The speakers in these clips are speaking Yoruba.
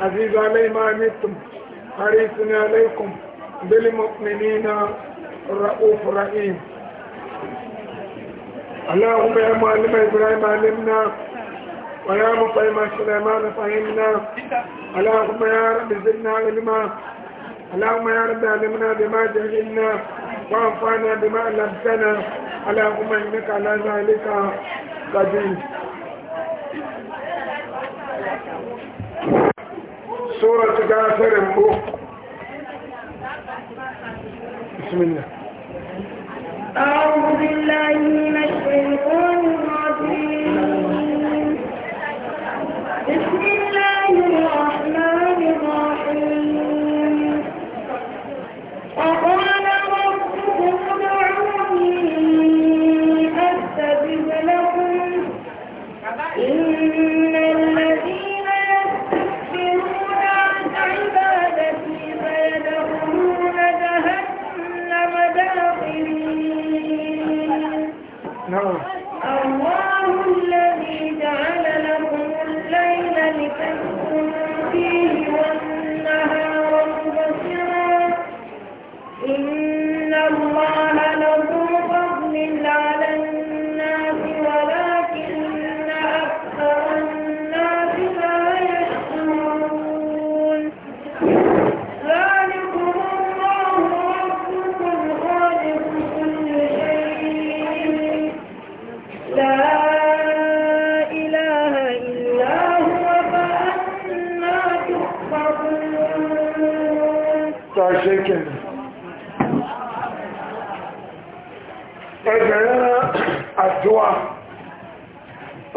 عزيز علي ما أمتم حريص عليكم بالمؤمنين الرؤوف رحيم اللهم يا معلم إبراهيم علمنا ويا مطيم سليمان فهمنا اللهم يا رب زدنا علما اللهم يا رب علمنا بما جهلنا وانفعنا بما علمتنا اللهم انك على ذلك قدير سورة كافر مبو بسم الله أعوذ بالله من الشيطان الرجيم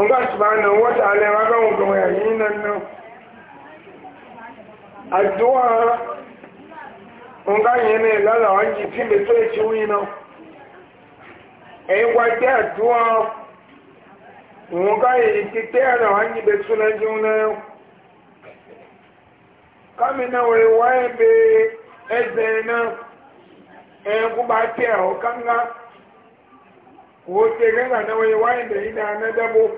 nga subhanahu wa ta'ala ya ga mu kuma yayin nan nan addu'a nga yene lala wanji timbe to e chiwi no e wa te addu'a nga yi tite ara wanji be suna juna yo kamina we wae be ezena e ku ba te o kanga wo te ga na we wae be ina na dabo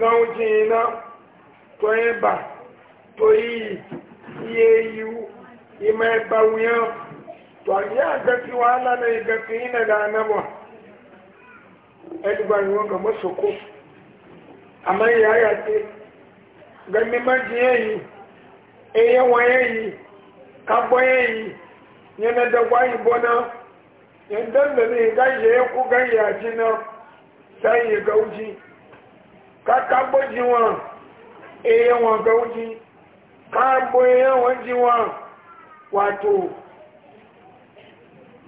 náà jìn iná tó ẹ̀bà tó a iye yìí ìmọ̀ na wíyàn tó àyè àgbẹ̀fì wàhálà náà ìgbẹ̀fì yìí nàdà ànábọ̀ ẹ̀dùgbà ni wọ́n gàmọ́ sọ́kó àmọ́ ìyá yà dé gbẹ̀mí má jìn ẹ̀yìn ẹ̀yẹ wọn ẹ̀yìn kábọ́ ẹ̀yìn yẹn nàdàgbà ìbọn náà yẹn dẹ́ndẹ̀ ní ìgáyẹ̀ ẹ̀kú na àjínà sáyẹ̀ gáwùjì. kaka gbóji wọn eye wọn gbẹwuji káàbọ eye wọn ji wọn wàtò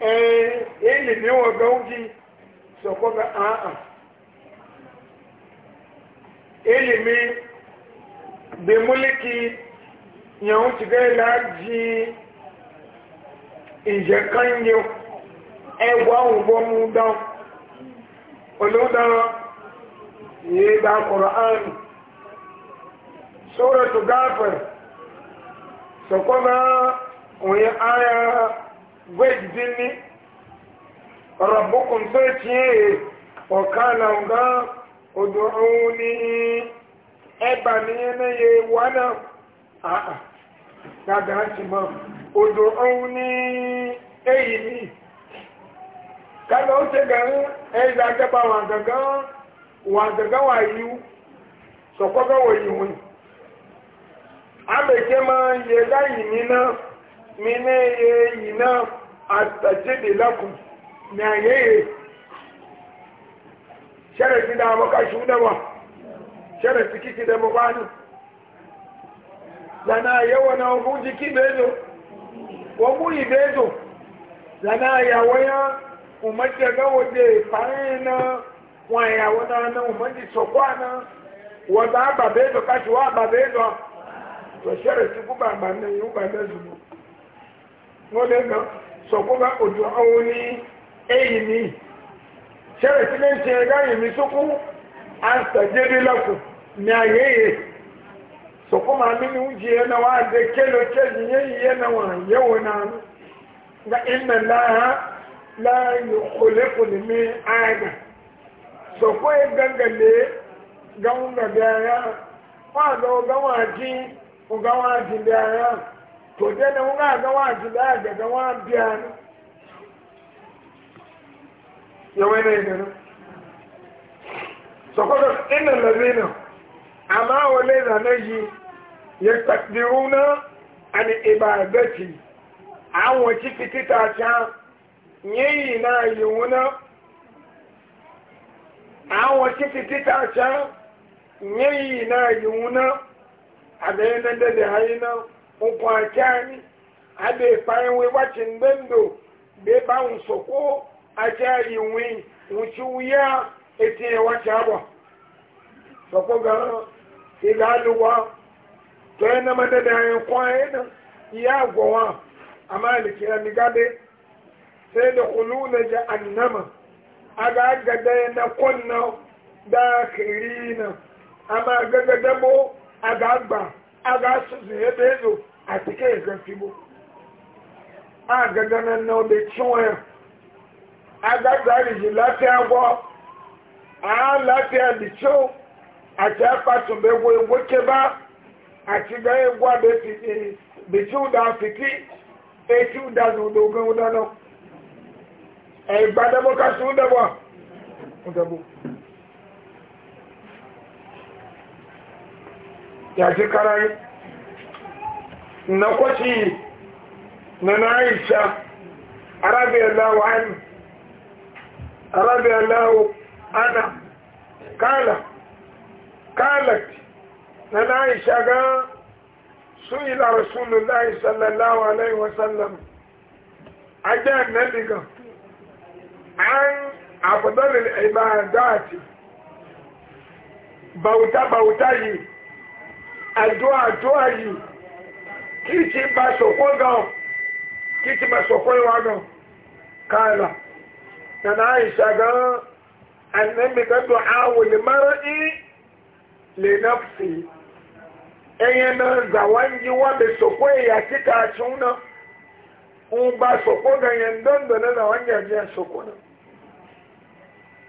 ee eh, eyi mi wọn gbẹwuji sọkọ bẹ àhà eyi mi bimuliki yẹn ti gẹ láàjì ìjẹ kan yẹ ẹwà e òun bọ mu dán olódàrán. yi ga ƙura'ani suratu gafir su kuma wani aya gwajini rabukun sai ciye ọkana ga odu'uni ẹba e ni yanayi wana a'a gaga hati ma odu'uni eyi ni kada o ce garin ẹyi zagaba wa gaga wa yiwu sọ̀kọ́ gawa yi ni ma yẹ da yìí na mi ní yẹ yìí lákùn ní ayé yẹ ṣẹlẹ̀ sí dáa mọ́ká ṣú ṣẹlẹ̀ sí na dẹ́mọ́ bá ní lànà àyẹ̀wò náà fún jí kí bẹ́ẹ̀dọ̀ wọ́n mú ìbẹ́ẹ̀dọ̀ lànà àyàwó dé náà. wọn ya wọn náà wọn di sọ àná wọn bá bàbá èlò káṣí wọn bàbá èlò tó ṣẹlẹ̀ sí kú bàbá náà yìí wọn bàbá zùmọ wọn lè gan bá òjò ní ni ṣẹlẹ̀ sí lè mi sókú ní ayé yẹ yẹn náà wọn yẹn yẹn náà wọn yẹ wọn náà nga ìnà kò ní mi so koye gangale gaunga biaya wado gawaji ugawaji biaya to dena unga gawaji biaya da gawa biaya yawai na idan so kodo inna lazina amma wale da naji ya takdiruna an ibadati an wace fitita ta yayi na yi wuna àwọn títí títà ṣá yẹ́yìn náà yìí náà àbẹ̀yẹ́nẹ́dẹ́dẹ́ ayé náà ọkọ̀ àti àní abẹ́ ìparinwe wáti gbẹ́ndò bí bá ń sọ̀kó àti àyíwé wùtí wúyá etí ẹ̀wá àbọ̀ sọ̀kó gan-an ìlà àlùwà tó ẹ̀ náà ya ayé kọ́ ayé náà ìyá àgbọ̀ wọn àmọ́ àlìkí ẹ̀mí aga gada na kwanna da kirina amma gaga dabo aga gba aga su zuye bezo a cike ga fibo a gaga nan na da ciwon aga zari ji lafiya gwa a lafiya da ciwo a ci afa sun bai goyi goke ba a ci ga yi da fiti da da fiti e ciwo da zo ẹ̀gbà democracy ń dẹ̀bọ̀ ń dẹ̀bọ̀ yàjí kára yìí nàkọ́sí yìí nana àìsà arábìyànláwò ánì arábìyànláwò ánà kálà kálàtì nana àìsà gan su'ila rasulullahi sallallahu alaihi wasallam ajá nẹ́bì gan an afdalil ibadati bauta bauta yi addu'a addu'a yi kici ba soko ga kici ba soko yawa ga kala na Aisha ga annabi ga du'a wal mar'i li nafsi Enye na zawangi wa bẹ soko ya kita tun na ń ba soko ga yẹn dandanna na wọn yẹ soko na.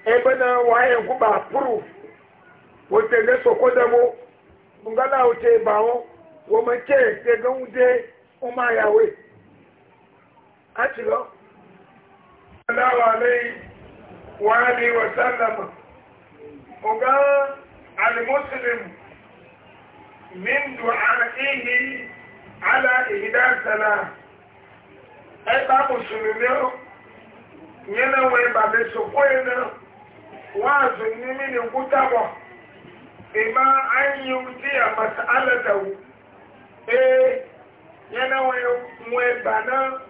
ebe na wa aya guba furu wata gbe soko damu gana wuce bawo waman keke ga wude umaru ya wee a cikin dawa mai wahani wasan damu ọgan ala idansa na ebe musulun ya wụ ya na wai ba soko ya na wazu ni mini gutabo ma an yi wuciya mas'alatahu eh yana wai bana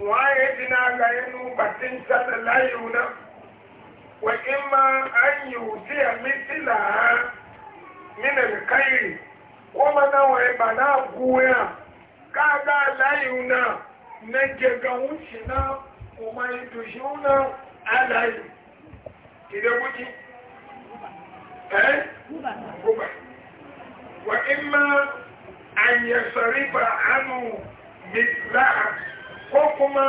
waye dina ga yanu batin sana layu na wa imma an yi wuciya mitila min alkhairi ko mana wai bana guya kaga na na na na ìdẹ́kùtì ẹ́ gúbà wà ìmá àyẹ̀sọ̀rífà ánú mìtìlá ko kuma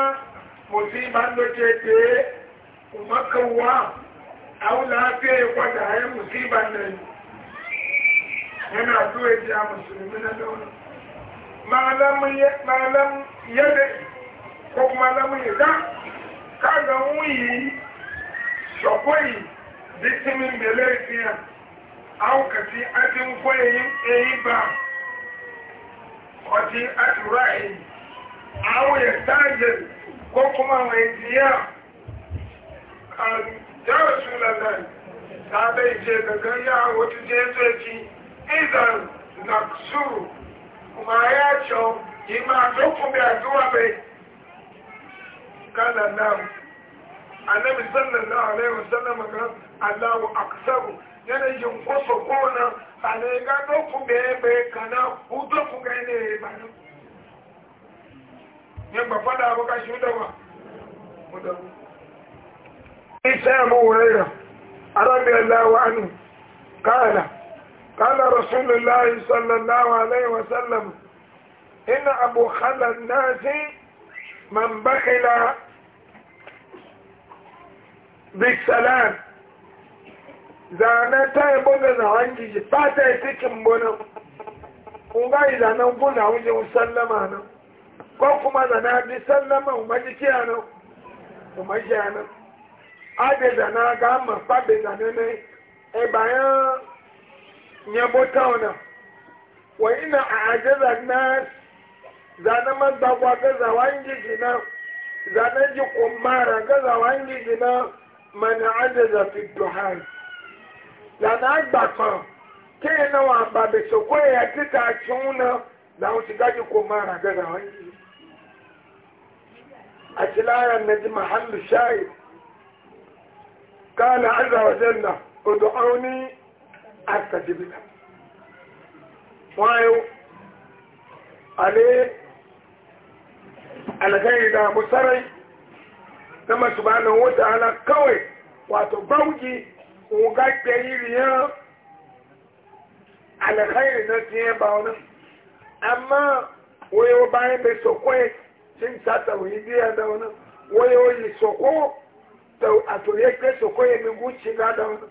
musibar da ke ụmakawa makawa au lafiya kwada ya musibar nan yana zuwa eji a musulmi na dauna malam yadda ko kuma lamun kaga shakwai bitimin da laifiya aukaci eyi ba kwaci a turahi auye tajin ko a jawo ta bai ce daga ya wata jejoji idan na su kuma ya ce yi ma dokun bai na annabi sallallahu alaihi wasallam ga Allahu aksaru yana jin kwaso kona ba ne ga doku bebe kana hudo ku ga ne ba ne ne ba fada ba ka shi da ba muda Isa mu wura Arabi Allahu anhu kala kala Rasulullahi sallallahu alaihi wasallam inna abu khala an-nas man bakhila bisalam zane ta yi boga na hanji ji ba ta yi cikin bonan kunga yi zanen guna wujen sallama nan ko kuma zana bi sallama umarji kiya nan umarji ya nan ade zana ga amma fabe zane ne e bayan yabo tauna wa ina a ajiyar na zane magbagwa gazawa hanji ji nan zane ji kumara gazawa hanji ji nan mọ̀nà àdèzà fi dùn ha yìí. Lànà àgbà kan kéè náà wà bàbè sòkò ẹ̀yà títà àtúnwó náà làwọn ti dájú kó máa rà gẹ́gẹ́ àwọn yìí. Àti lára nàdí Màhálù Ṣáì. Káàlà Azza odò àwọn ní àtàdébìlà. Wọ́n á yóò. Ale, alagẹ́yìn sáré na masubhanahu wa ta'ala kawai wato bauji ga daliliyar alkhairi na tiye ba wani amma wayo bayan da sokwai cin sa tauhidiya da wani wayo yi soko a toye ke soko ya mi guci na da wani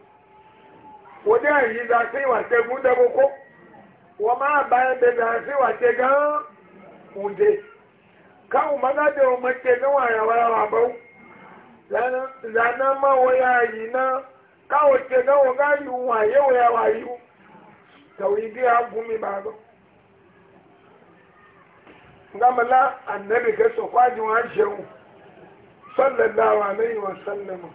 wajen yi za su yi wata guda boko wa ma bayan da za su yi wata gan ude kan umaga da umarke na wayawa bau zana ma waya yi na kawo ce na waga yi waye waya wayi tawidi ya gumi ba ga gamala annabi ga so kwaji wa shehu sallallahu alaihi wa sallam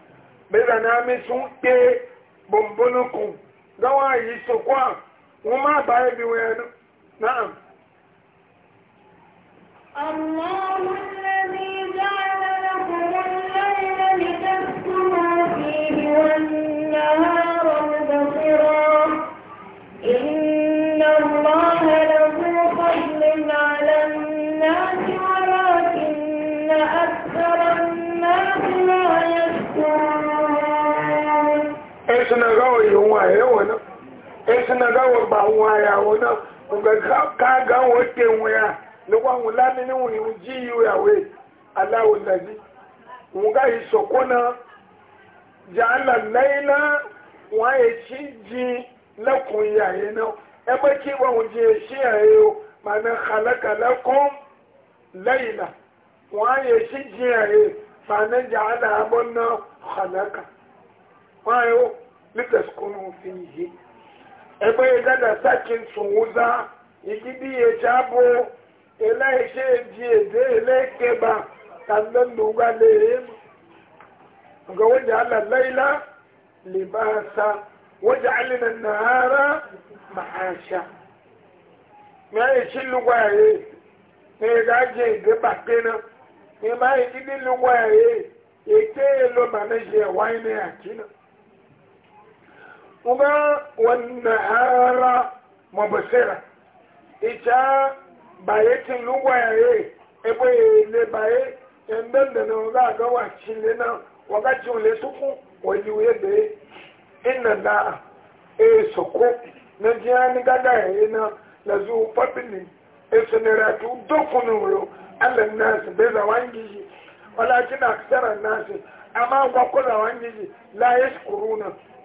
bai da na mi sun ke bumbunukun gawa yi so kwa kuma ba ya bi waya na'am Allahumma waye wani esi na gawo ba waya wani ga ka gawo te wuya ni wa wula mini wuni ji yi ya we alawu lazi nga yi na jala laila wa ye ci ji lakun yaye na ebe ki e ba wun ji shi yaye yo ma na halaka lakun laila wa ye ci ji yaye ma na jala abon na halaka wa yo litaskunu fihi ebe gada sakin sunwuza igidi ya jabo ele ise ji ede ele keba kannan nuga lere ga wajen ala laila libasa wajen alina nahara ma'asha ma yi shi lugwaye ne ga je ede bakina ne ma yi gidi lugwaye eke lo mana je wani akina kuma wannan hara mabasira ita bayatin lugwaye ebe ile baye yandan da na za ga wacin le na wakaci ole suku wani uye da ya ina da e soko na jihani gada ya na na zu fabili esu ne ratu dokunan ro allah nasu bai za wangiji walakin aksara nasu amma gwakwada wangiji la ya shukuru na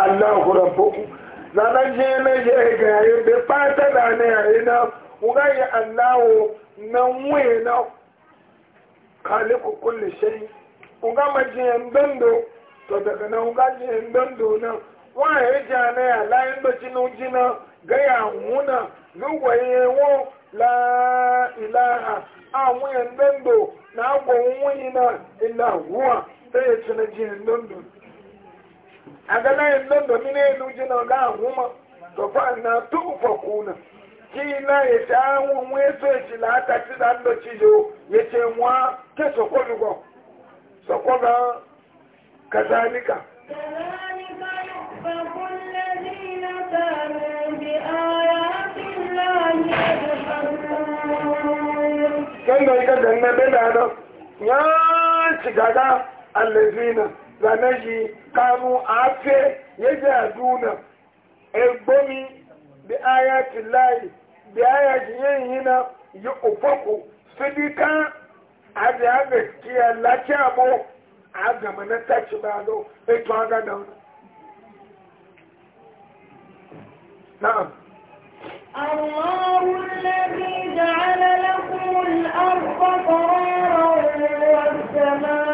Allahu rabbukum zanen je na je ga yayin da fata da na yayin na wugaye Allahu na wuye na khaliqu kulli shay unga majiyan dando to daga nan unga jiyan dando na wa ya ja na ya layin bacin ujina ga ya huna lugwaye wo la ilaha awuyan dando na agwa wunyi na ila huwa sai ya ci na jiyan dando agana yin don domin ne lu jina ga huma to fa na tu fa kuna ki na ye ta wu mu so ti la ta ti dan do ci yo ye ce mwa ke so ko go so ko ga kazalika kan da ika danna bela da ya ci gaga allazina zanaji kanu afe yajaduna egbomi bi ayati lahi bi ayati yayina yi ufaku sidika abi agaskiya lati abo agama na tachi bado eto aga da na'am الله الذي جعل لكم الأرض قرارا والسماء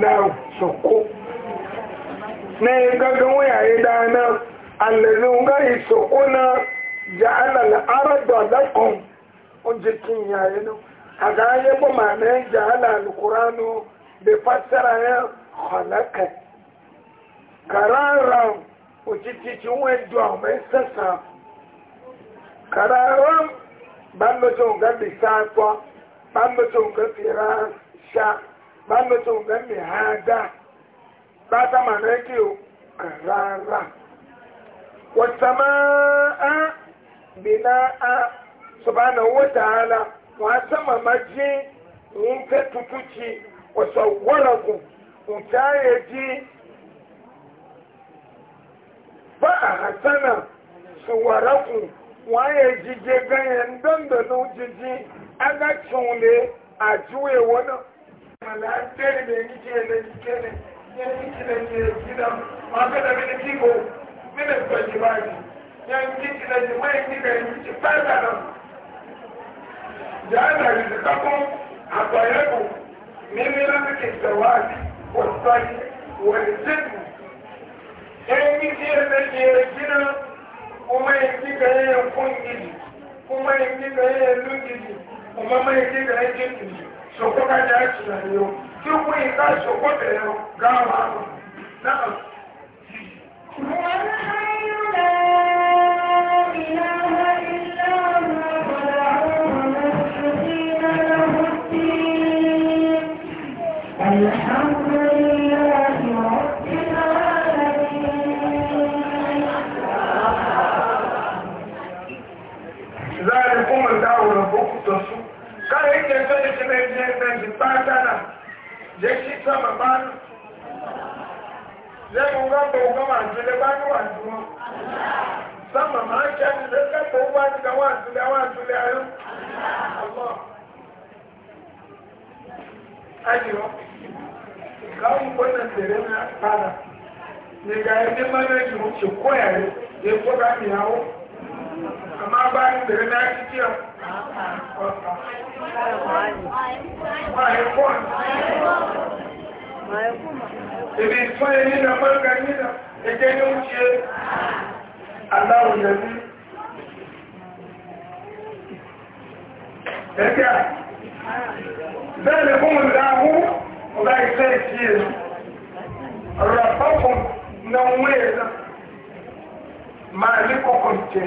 dáadáa sọ̀kó na gangan wáyàyé dáadáa alẹ́rin gáyì sọ̀kó na jẹ́ alàlẹ́ arọ́dọ̀ lẹ́kùn oúnjẹ kí n yàyé náà àgáyé bọ́ màá ní jẹ́ alàlẹ́ kúránù bẹ fásitì ayé kọ̀lẹ́kẹ̀ kàràrà òtítì tí wọ́n ju àwọn ẹ̀sẹ̀sà kàràrà bá lọ́jọ́ nǹkan lè sáà tọ́ bá lọ́jọ́ nǹkan fi ṣáà báńdọ̀ tó ń mi ha dá bàtà mà náà kí o rárá wọ́tàmá á bìnà á sọ̀bánà owó tààlà wọ́n á sọ màmá jí ń tẹ́ tutù jì wọ́sọ̀ wọ́lọ̀kù ń táyé jí bá àhásánà sùwàràkù wọ́n á yẹ jíjẹ gáyẹn dọ́ndọ̀ ní jíjí ágá tún lé àjúwèé wọ́n náà mala tere be ni kele ni kele ya ni kele ni kila ma o da ni kibo be da ko ji ba ni ya ni kele ni mai ni be ni ci pa da na ja da ni ka ko a ko ya ko me me o ke tawali wa tsaki o zidu ya ni kele ni kila kuma ya ki ga ya kun kuma soko ka da ci na yo ki ku yi ka soko da yo ga wa na na yeki sama banu lẹ́nu rọ́bà ọgbà wà jùlẹ̀ bá ní wà jùlọ sáàmà máa jẹ́ ìlẹ́ kẹ́kọ̀ọ́ wà jùlẹ̀ wà jùlẹ̀ wà jùlẹ̀ ayọ́ ọlọ́ ayọ́ gáwọn gbọ́nà tẹ̀rẹ̀ náà padà nígbà ẹni mọ́nà yìí amma ba ni da na ci ciyo ma'aikon ibi tsoye ni da margar ni da ike ni wuce allahu nabi ẹgbẹ́ bẹ́ẹ̀ ni fún ìdáhú ọ̀gá ìfẹ́ ìfí èlú ọ̀rọ̀ àpapọ̀ na wọ́n èèyàn máa ní kọ̀kọ̀ jẹ́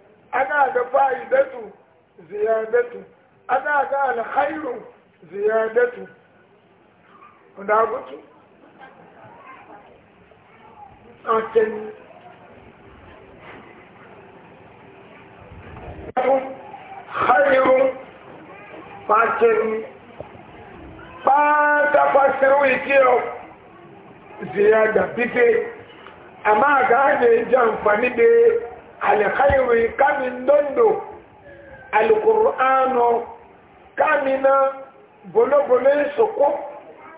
ana ga fa'idatu ziyadatu ana ga alkhairu ziyadatu da gutu akin khairu fakin ba ta fasiru ikiyo ziyada bibe amma ga ne jan fani da alkhairu kamin dondo alkur'ano kamina bolobolo soko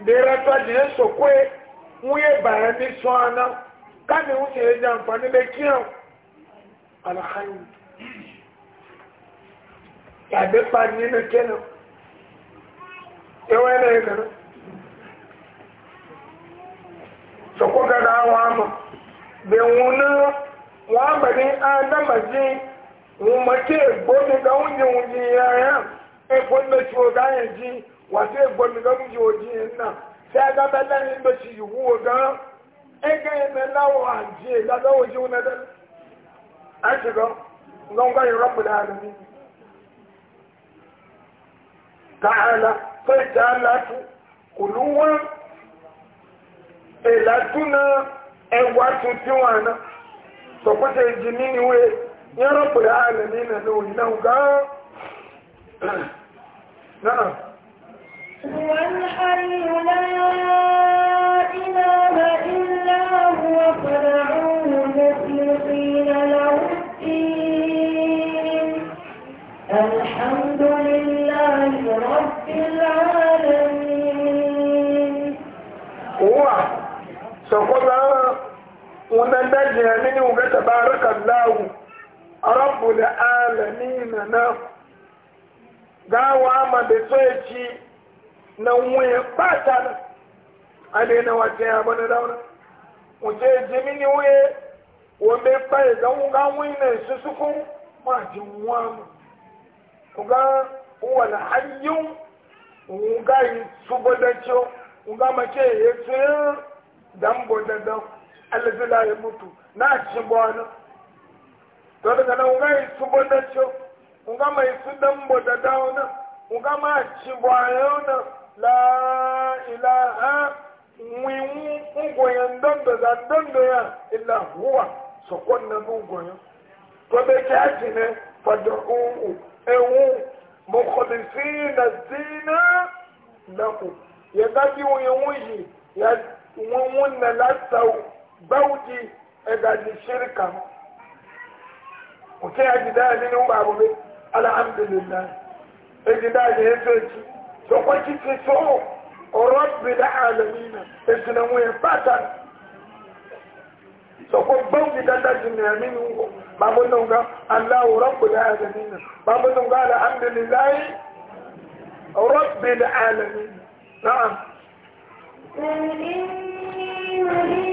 derata bolo soko wuye barani swana kami wuce ya ji amfani da kiyan alkhairu yabe fani na kenan yawa yana yi soko gada awa ama bewuna ya bari adama ji umarci egbomi ga wunji wunji yaya egbon da ciwo gayan ji wasu egbomi ga wunji wunji yana sai ga balanin da ci yiwu ga ege yana lawo a ji ga lawo ji wuna da an shiga gangan yi rabu da halin ta'ala sai ta latu elatuna ẹwà tuntun sọ̀kọ́tẹ̀ ìjìní ìwé yẹ́rọ pẹ̀lú ààrẹ ní ilẹ̀ lóòrì náà gáà náà wọ́n hàríyù láàrínà ìlà wọ́n pẹ̀lú àwọn mẹ́sìlẹ̀ láwọ́ tí alhamdulillahi rabbil alamin wannan dajin ya mini ga tabarakan lahu a rabu da alami na na gawa ma da tsoyaci na nwunye bata na na wace ya bane dauna wuce wuye wanda fayi zan ga nwunye na ma su ya alifila ya mutu na cimbwana to daga nan nga yi tubo da cho nga mai su dambo da dauna nga ma cimbwana la ilaha wiwu ungoyen dondo za dondo ya illa huwa sokon na ungoyen to da ke haji ne fadu'u ewu mukhlisina zina lahu ya gaji wiwu yi ya wọ́n wọ́n na lásàwọ̀ bauti edani shirka Oke ya ji daya mini ba abu ne alhamdulillah ya ji ya soki so kwanci ce so rabbi da alamina ya tuna wuya fata so ko bauti da daji ne ya mini ngo ba mun nan ga da alamina ba mun alhamdulillah rabbi da alamina na'am قل إني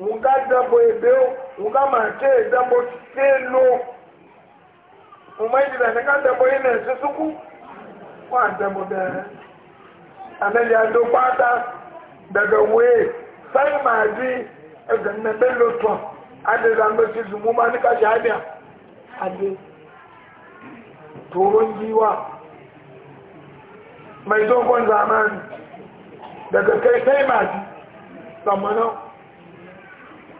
nga dabo ebeo nga mate dabo selo umaidira nga dabo ina esusuku wa dabo da anali ando pata daga wee sai maji ega na bello to ade zango kacha mu adị. nika shadia toron jiwa mai dogon zamani daga kai sai maji samanan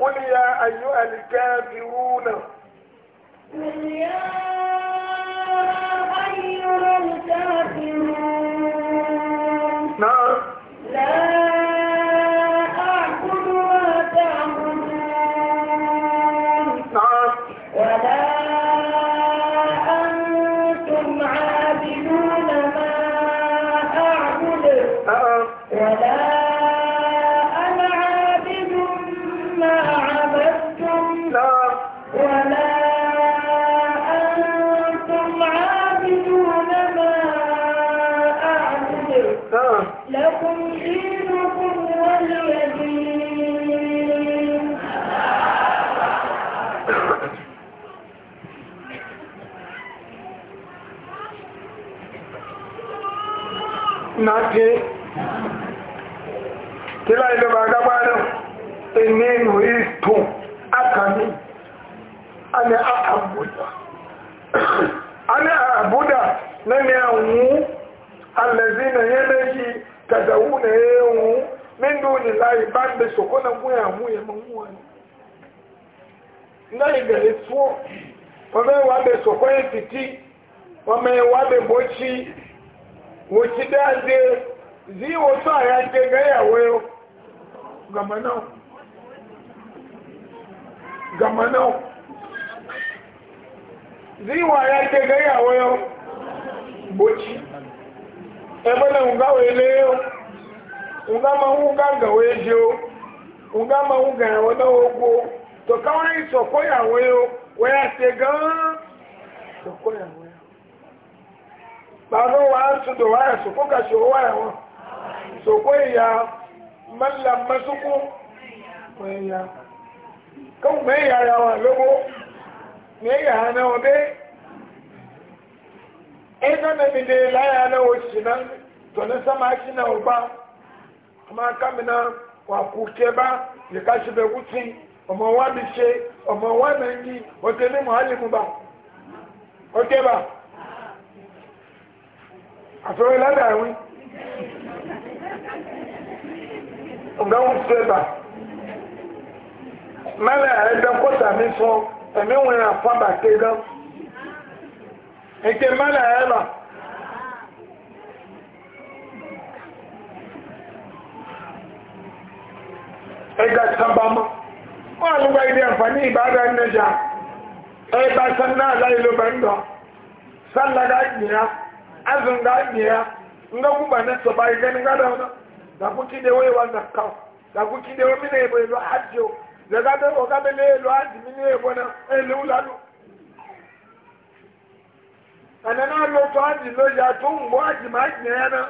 قل يا أيها الكافرون قل يا أيها الكافرون لكم دينكم واليدين ناكي kila ile magabano enenu istu akani ane aka tadawu na ewu min duni lahi ban da soko na mu ya mu ya mu wani ngai ga letuo wame wa be soko ya titi wame wa be bochi wochi daze zi wo sa ya te ga ya weyo gamana gamana zi wa ya te ga ya weyo ebele nga wele nga mawu nga nga weje o nga mawu nga yawo na ogbo to kawai sọkọ yawo yo wẹ́yà ṣe gan-an ya pàrọ̀ wa wa yà sọkọ ka ṣe owó yà wọn sọkọ ìyá mẹ́lá mẹ́sùkú wọ́n yà kọ́ mẹ́yà yà wọn lówó mẹ́yà náà bẹ́ẹ̀ ina na mi dai laya na wasu nan to na sama shi na ba amma kamina wa kuke ba ya kashi da wuce ọmọ wa mi ṣe ọmọ wa na yi wata ni muhallimu ba oke ba àfẹ́wé ládàáwí ọ̀gá wọn ṣe bá mẹ́rin ẹ̀ẹ́dẹ́kọ́ta mi sọ ẹ̀mí wọn àfọ́bàtẹ́ gan. Eke mmadụ ayọla. Ega sambama. Wọ́n ló gba ìdí àǹfààní ìbára ẹnẹ́jà. Ẹgbà sanná aláì ló bá ń dọ̀. Sálà gá gbìyà. Azùn ya, gbìyà. Nga kúgbà náà sọ̀bà ìgbẹ́ ní gádà ọ̀nà. Dàkú kí de wéwà nà kàw. Dàkú kí de wéwà mí nà anana lo to aji lo ya to mo aji ma aji na na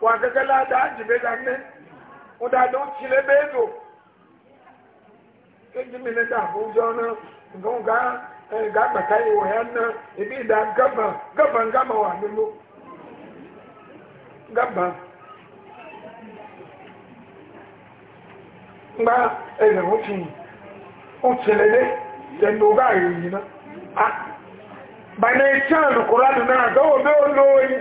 wa gaga la da aji be da ne o da do ti le be do ke ji mi le da bu jo na ngo ga ga ba kai wo ya na e bi da gaba gaba ngama wa mi lo gaba ngba e le o ti o ti le le je no ga yi na ah bana ẹ̀kẹ́ alùkùránù náà gọ́wọ́ bẹ́ olóorí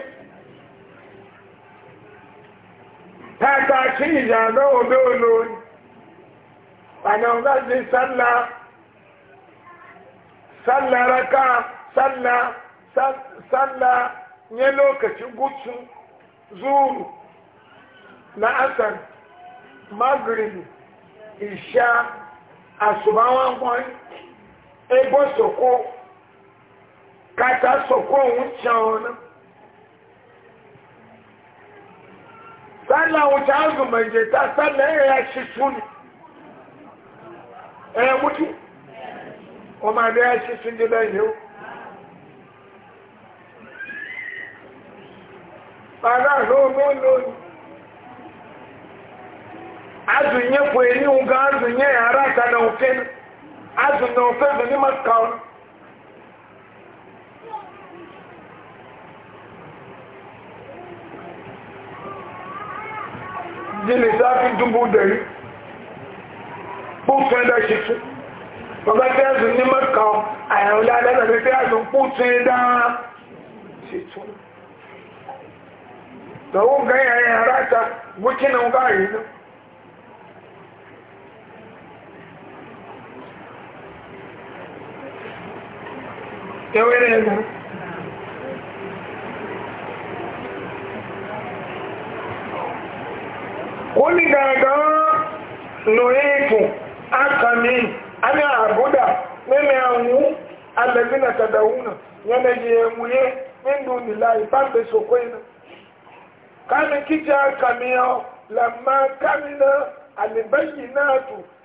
tààtà kí ìyà gọ́wọ́ bẹ́ olóorí bana ọ̀gá sí salla sálà raka salla salla nye lókaci gutu zuru na asar magrib isha asubawa wọn soko. kata sọ̀kọ́ òun tiẹ̀ wọn náà. sálà òun tí a zùn mẹ̀jẹ̀ tá sálà ẹ̀ yà ṣe sún ni ẹ̀ mútu ọmọ àdé yà ṣe sún dídá yìí o. bàbá àlóòmó lónìí azùn yẹn pọ̀ gan azùn yàrá àtàlà òfin azùn náà òfin kàwọn. ji lissafin dubu dari bukkan da shi su baba ta yanzu ni maka a yau da da zafi ta yanzu kutu da shi su da wun ganyayen harata wikinan gari nan yau yana yanzu wani gaga noyetu akami ana abuda meme anwu na tadawuna yana je ndu pambe sokwena kame kamina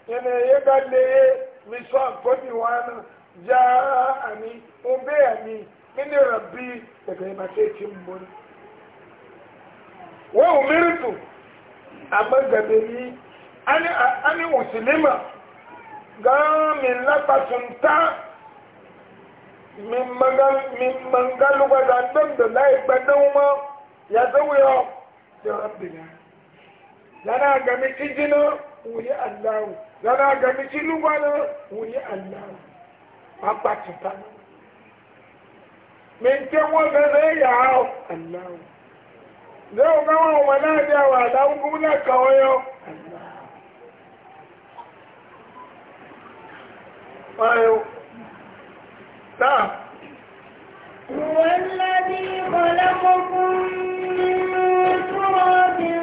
yana yega leye miso akodi wana jaa ani umbe ani mini rabbi daga yi mace cin agbẹ́gbẹ̀dẹ̀ yìí a ní mùsùlùmí gan mi lápasùn tá mi mangalugbaga dọ́gbẹ̀ láì gbẹ́dẹ́wọ́ mọ́ yàtọ̀wé ọ yọrọ bìnrin lana gami ti jina wuyi alahu lana gami ti lugwana wuyi alahu apatita mi n tẹ wọn bẹ bẹ yà ọ alahu zai gawa wa nadawa da guna kawayo bayo ta wallazi khalaqakum min turabin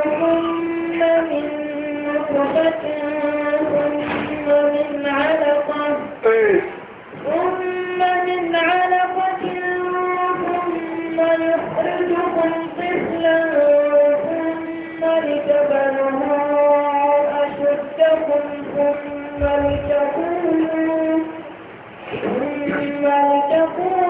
thumma min nutfatin thumma min 'alaqah ولتكون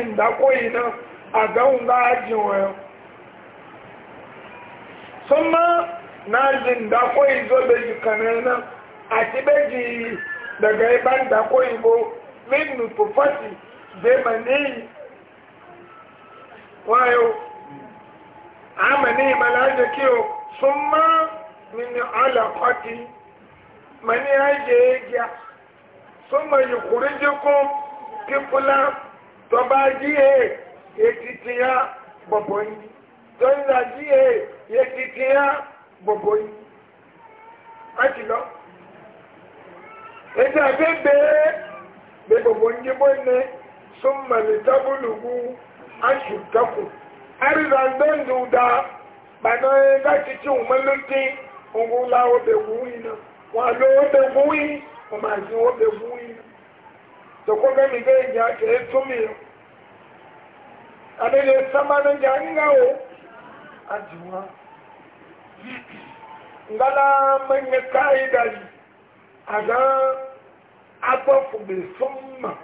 jin da koyi na a gawun ga ajin wayo sun ma na jin da koyi zo da jikane na a tibe ji daga iban da koyi bo min nutufati zai yi wayo amani malaje kiyo sun ma alakwati mani aje ya sun ma yi kuri jikun kifula tọba jíhe etiti ya bọ̀bọ̀ yìí tọ́yìnlá jíhe etiti ya bọ̀bọ̀ yìí láti lọ. ètò àbẹ́bẹ́ bẹ bọ̀bọ̀ yìí bọ́ ní súnmọ̀lì tábùlùkù aṣùtọ́kù. àríwá ndóńdó da bàná láti tí òun mọ́lódé òun láwọ́ bẹ̀ wú yìí náà wọ́n á lọ́wọ́ bẹ̀ wú wọ́n máa jí wọ́n bẹ̀ náà. sokoga mi ga ya ke tumi ade le samana ja nga o ajuwa ngala manye kai dali aga abafu be summa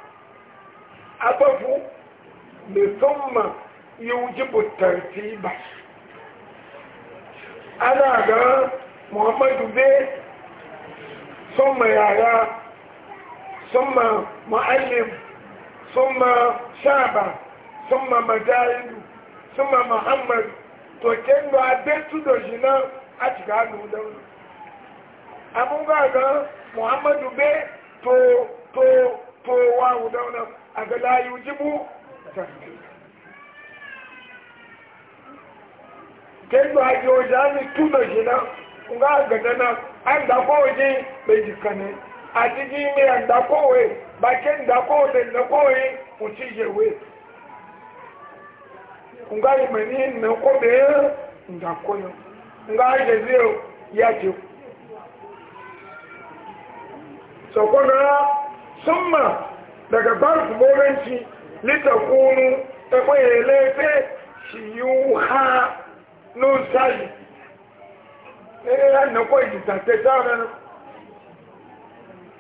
abafu be summa yujibu tartiba ana ga muhammadu be summa yara ثم معلم ثم شعبة ثم مجاهد ثم محمد توكين لو أدت دوجنا أتقال دون أموغا محمد بي تو تو تو واو دون أغلا يجب kendo ajo jami tuno jina nga ganana anda ko je be jikane àti jí mi àgbàkọ̀wé bàkẹ́ ìgbàkọ̀wé lẹ́kọ̀wé kò tí yẹ̀wé nga ìmọ̀ ní ìnákọ̀ bẹ́ẹ̀ ìgbàkọ̀yọ̀ nga daga bárùkù mọ́rẹ́ntì lítàkùnú ẹgbẹ́ ẹlẹ́fẹ́ sì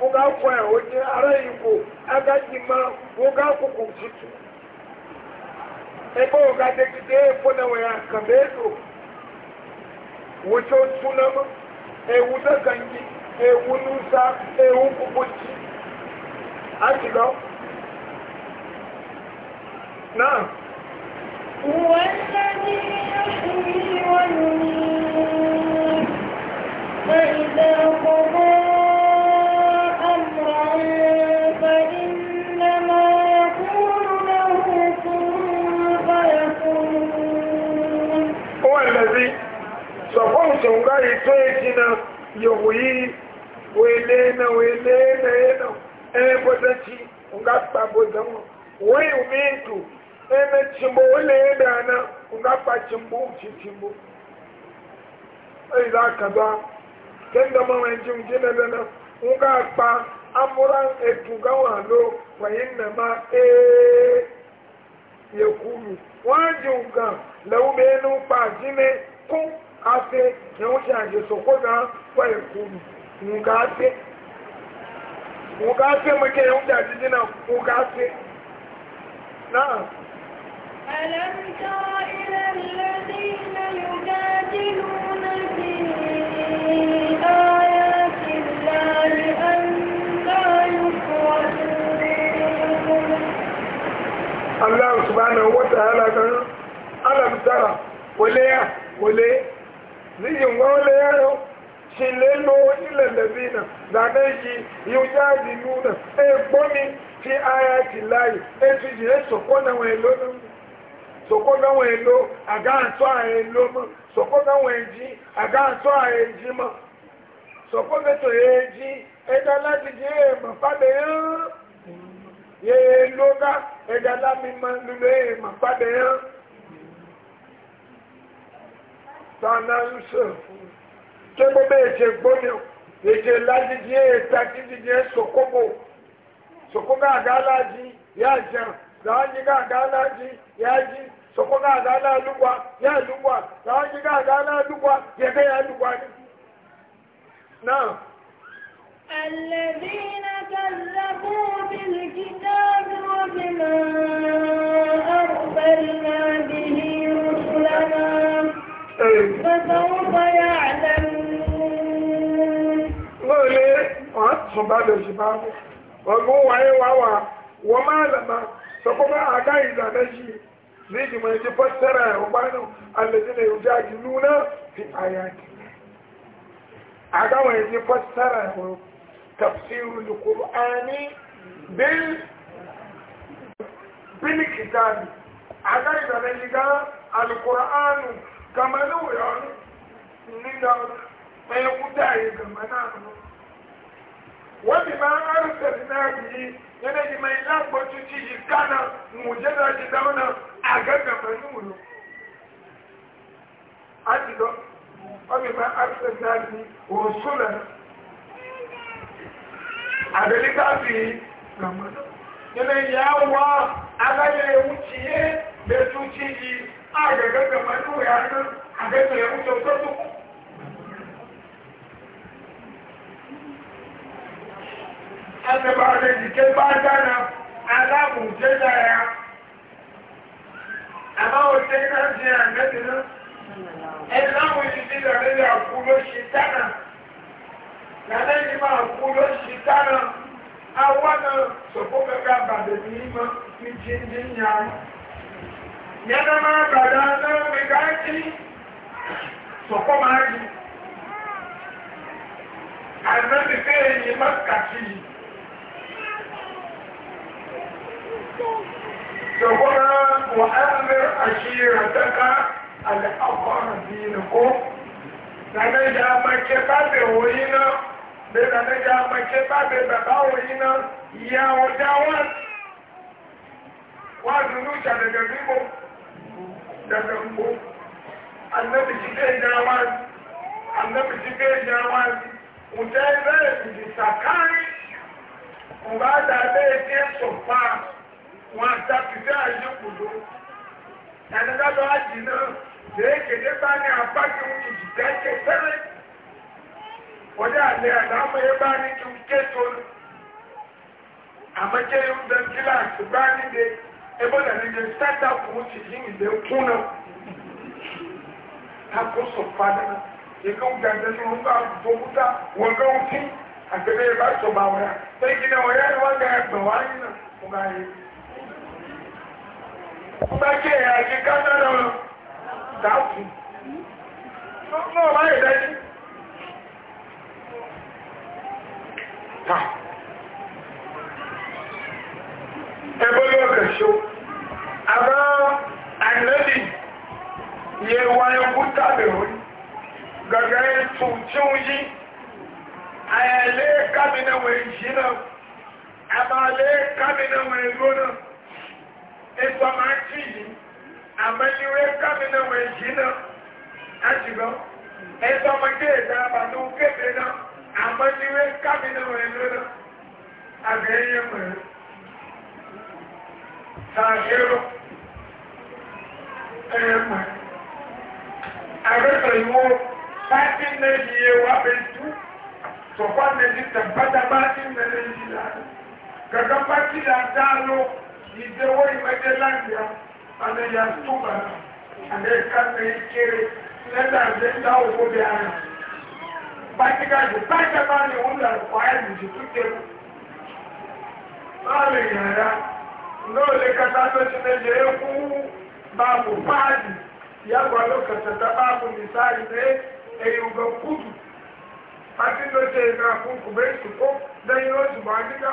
bóga kọ ẹ̀ ara jẹ́ ará ìgbò agájì máa ebe ọ̀gá dẹ́gidé epo na wẹ̀yà kàmbé lò ego wụcha tún náà mọ́ ewu ewu nusa ewu kùkù jì á ti lọ náà. Wọ́n songa ito ejina yohuyi welena welena eno ebotachi ungakpa bodamu wei umintu ene chimbo weleedana ungakpa chimbo uchi chimbo eiza kaza kenda mawenji ungidedana ungakpa amuran etuga walo wayinnama ee yekulu waji uga laumenu pajine afe na wuce a jeso ko na kwaye kuru nuka afe nuka afe muke yawon da jijina nuka afe na ألم تر إلى الذين يجادلون في آيات الله أنى يخرجون الله سبحانه وتعالى ألم ترى وليه وليه nijin wale yaro shi lelo ilẹ̀ lẹ́bínà zane yi yóò jáde lúnà ẹ gbọ́mi tí ara ti láyé ẹ ti jì ẹ sọ̀kọ́ náà wọn èlò náà sọ̀kọ́ náà wọn èlò àgá àtọ́ àrẹ èlò mọ́ sọ̀kọ́ náà wọn èjì àgá àtọ́ àrẹ èjì mọ́ sọ̀kọ́ mẹ́tọ̀ èjì ẹ̀dá láti jẹ́ èèmọ̀ pàdé yán yẹ èlò ká ẹ̀dá lámi mọ́ lulẹ̀ èèmọ̀ pàdé yán. n'ala nsọ n'ala nsọ kemgbe ga eje gbanwe ga je ladidie tajididi je sokobo soko ga aga ala ji ya zia n'aji ga aga ala ji ya ji soko ga aga ala luwa ya luwa n'aji ga aga ala luwa ga ya luwa na. sun ba da shi babu wago waye wawa wa malama ta kuma a gayi zanen shi zai ji mai ji fassara ya rubanin allazi da yauja ji nuna fi ayati a ga mai ji fassara ya rubanin tafsirul qur'ani bil bil kitabi a gayi zanen shi ga alqur'anu kamar yau ni da ɗaya kuta yi gama na wani ma arsar na biyi yana ji mai lagbatu ci ji kana muje da ji zauna a gaggaba nuru a ji don wani ma arsar na biyi rusula a da littafi gama yana yawa alaye wuciye da su ci ji a gaggaba nuru ya nan a gaggaba ya wuce wasu annaba da jike ba gana alamun jela ya amma wata yana jiya annabinin ẹ̀láwọn ìdílé rẹ̀ lè àkúrò ṣìtánà lálẹ́ yìí máa àkúrò ṣìtánà àwọn náà sọ̀kọ́ gẹ́gẹ́ àbàdè ní ìmọ̀ ní jíjí yàn án. yẹ́nà máa bàdá náà gbẹ̀gá sí sọ̀kọ́ máa yìí. àná ti fẹ́ ẹ̀yìn má kàtí yìí. شكرا وأمر عشيرتك الأقربين كم nana ja make ba be woyina be nana ja make ba be baba woyina ya oda wa wa dunu ja de de bibo da de mbo annabi ji be ja wa annabi ji be ja wa utai be ji sakari ko ba da be ti so pa wọn àtàkìtà àyẹ̀kùdó ẹ̀dẹ́gbẹ́dọ́ àjì náà lèékèdè bá ní apákí wọn ti jìdá ẹ̀kẹ́ sẹ́lẹ̀ wọ́dẹ́ àlẹ́ àdámọ́ yẹ bá ní kí n ké tó ní àmọ́jẹ́ yóò dán kíláàsì bá nílé ẹgbọ́dà nílé sátàpù wọn ti yí ìlé kún náà takóso padà ìlú gàdẹ́ ní wọn bá bọ́kúta wọn gbé wọn fún àgbẹ̀lẹ́ yẹ bá sọ̀bà wọn yá lẹ́yìn náà wọ́n yá ni wọ́n gbẹ̀ ẹgbẹ̀ wáyé náà wọ́n bá yẹ sáké àti kádàrà dáàbù náà bá ìdájí ta ẹgbẹ́ yóò kẹṣó àbá àìlẹ́dì yẹ wáyé kúta bẹ̀rù gàgà ètò tí ó yí àyàlẹ́ kábínẹ̀wẹ̀ yìí náà àbálẹ́ kábínẹ̀wẹ̀ yóò náà ètò ọmọ àti yìí àmẹ́niwé kámínà wẹ̀ yìí náà àjùlọ ètò ọmọ kéèdè àbànú kéèdè náà àmẹ́niwé kámínà wẹ̀ lónà àgbẹ̀yẹ mẹ́rin tààgérò ẹ̀mẹ́ àrẹ́sọ̀ ìwọ pàtí náà yìí wà bẹ́ẹ̀ tú sọ̀kọ́ àmẹ́ni tàbátàbá tí náà yìí lára gàgà pàtí là dáa lọ́wọ́ ìdè wọ́n ìmẹ́jẹ́ láti ya àmì ya túbà àmì ìkàtà ìkéré lẹ́tà àti ìdá òkú bí ara pàtíkàjù pàtíkà máa ní òun là kọ́ àìlù jù tó tẹ́kù máa lè yàrá lóò lè kàtà tó ti lè yẹ kú báàbù páàdì yàgbọ́ ló kàtà tá báàbù nìsáàlì pé èyí ò gbọ́ kúdù pàtí ló ṣe ìgbà fún kùbẹ́sì kó lẹ́yìn oṣù bọ́ àdígbà.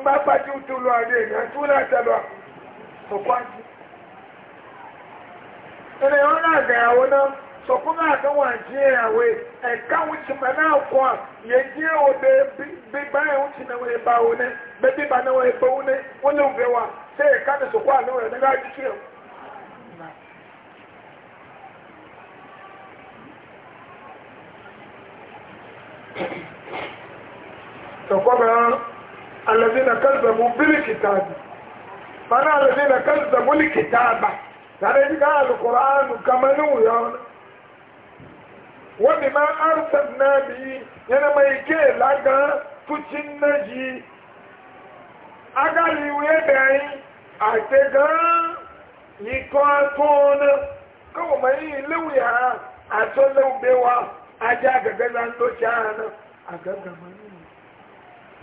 mba kpati utulu ade na tula talwa sokwanti ene ona ga awona sokuma ga wanje awe e ka wuti mana kwa ye je ode bi ba e wuti na we ba one be bi ba na we ba one wona ube wa se e ka ne sokwa na we na ga ji kire Tọ̀kọ́ mẹ́rin الذين كذبوا بالكتاب فانا الذين كذبوا الكتاب تعالى قال القرآن كما نويا وبما أرسلنا به ينما يكي لغا تشين نجي أقالي ويبعي أتغا يكواتون كوما يلويا أتولو بوا أجا غغزان دوشان أغغمان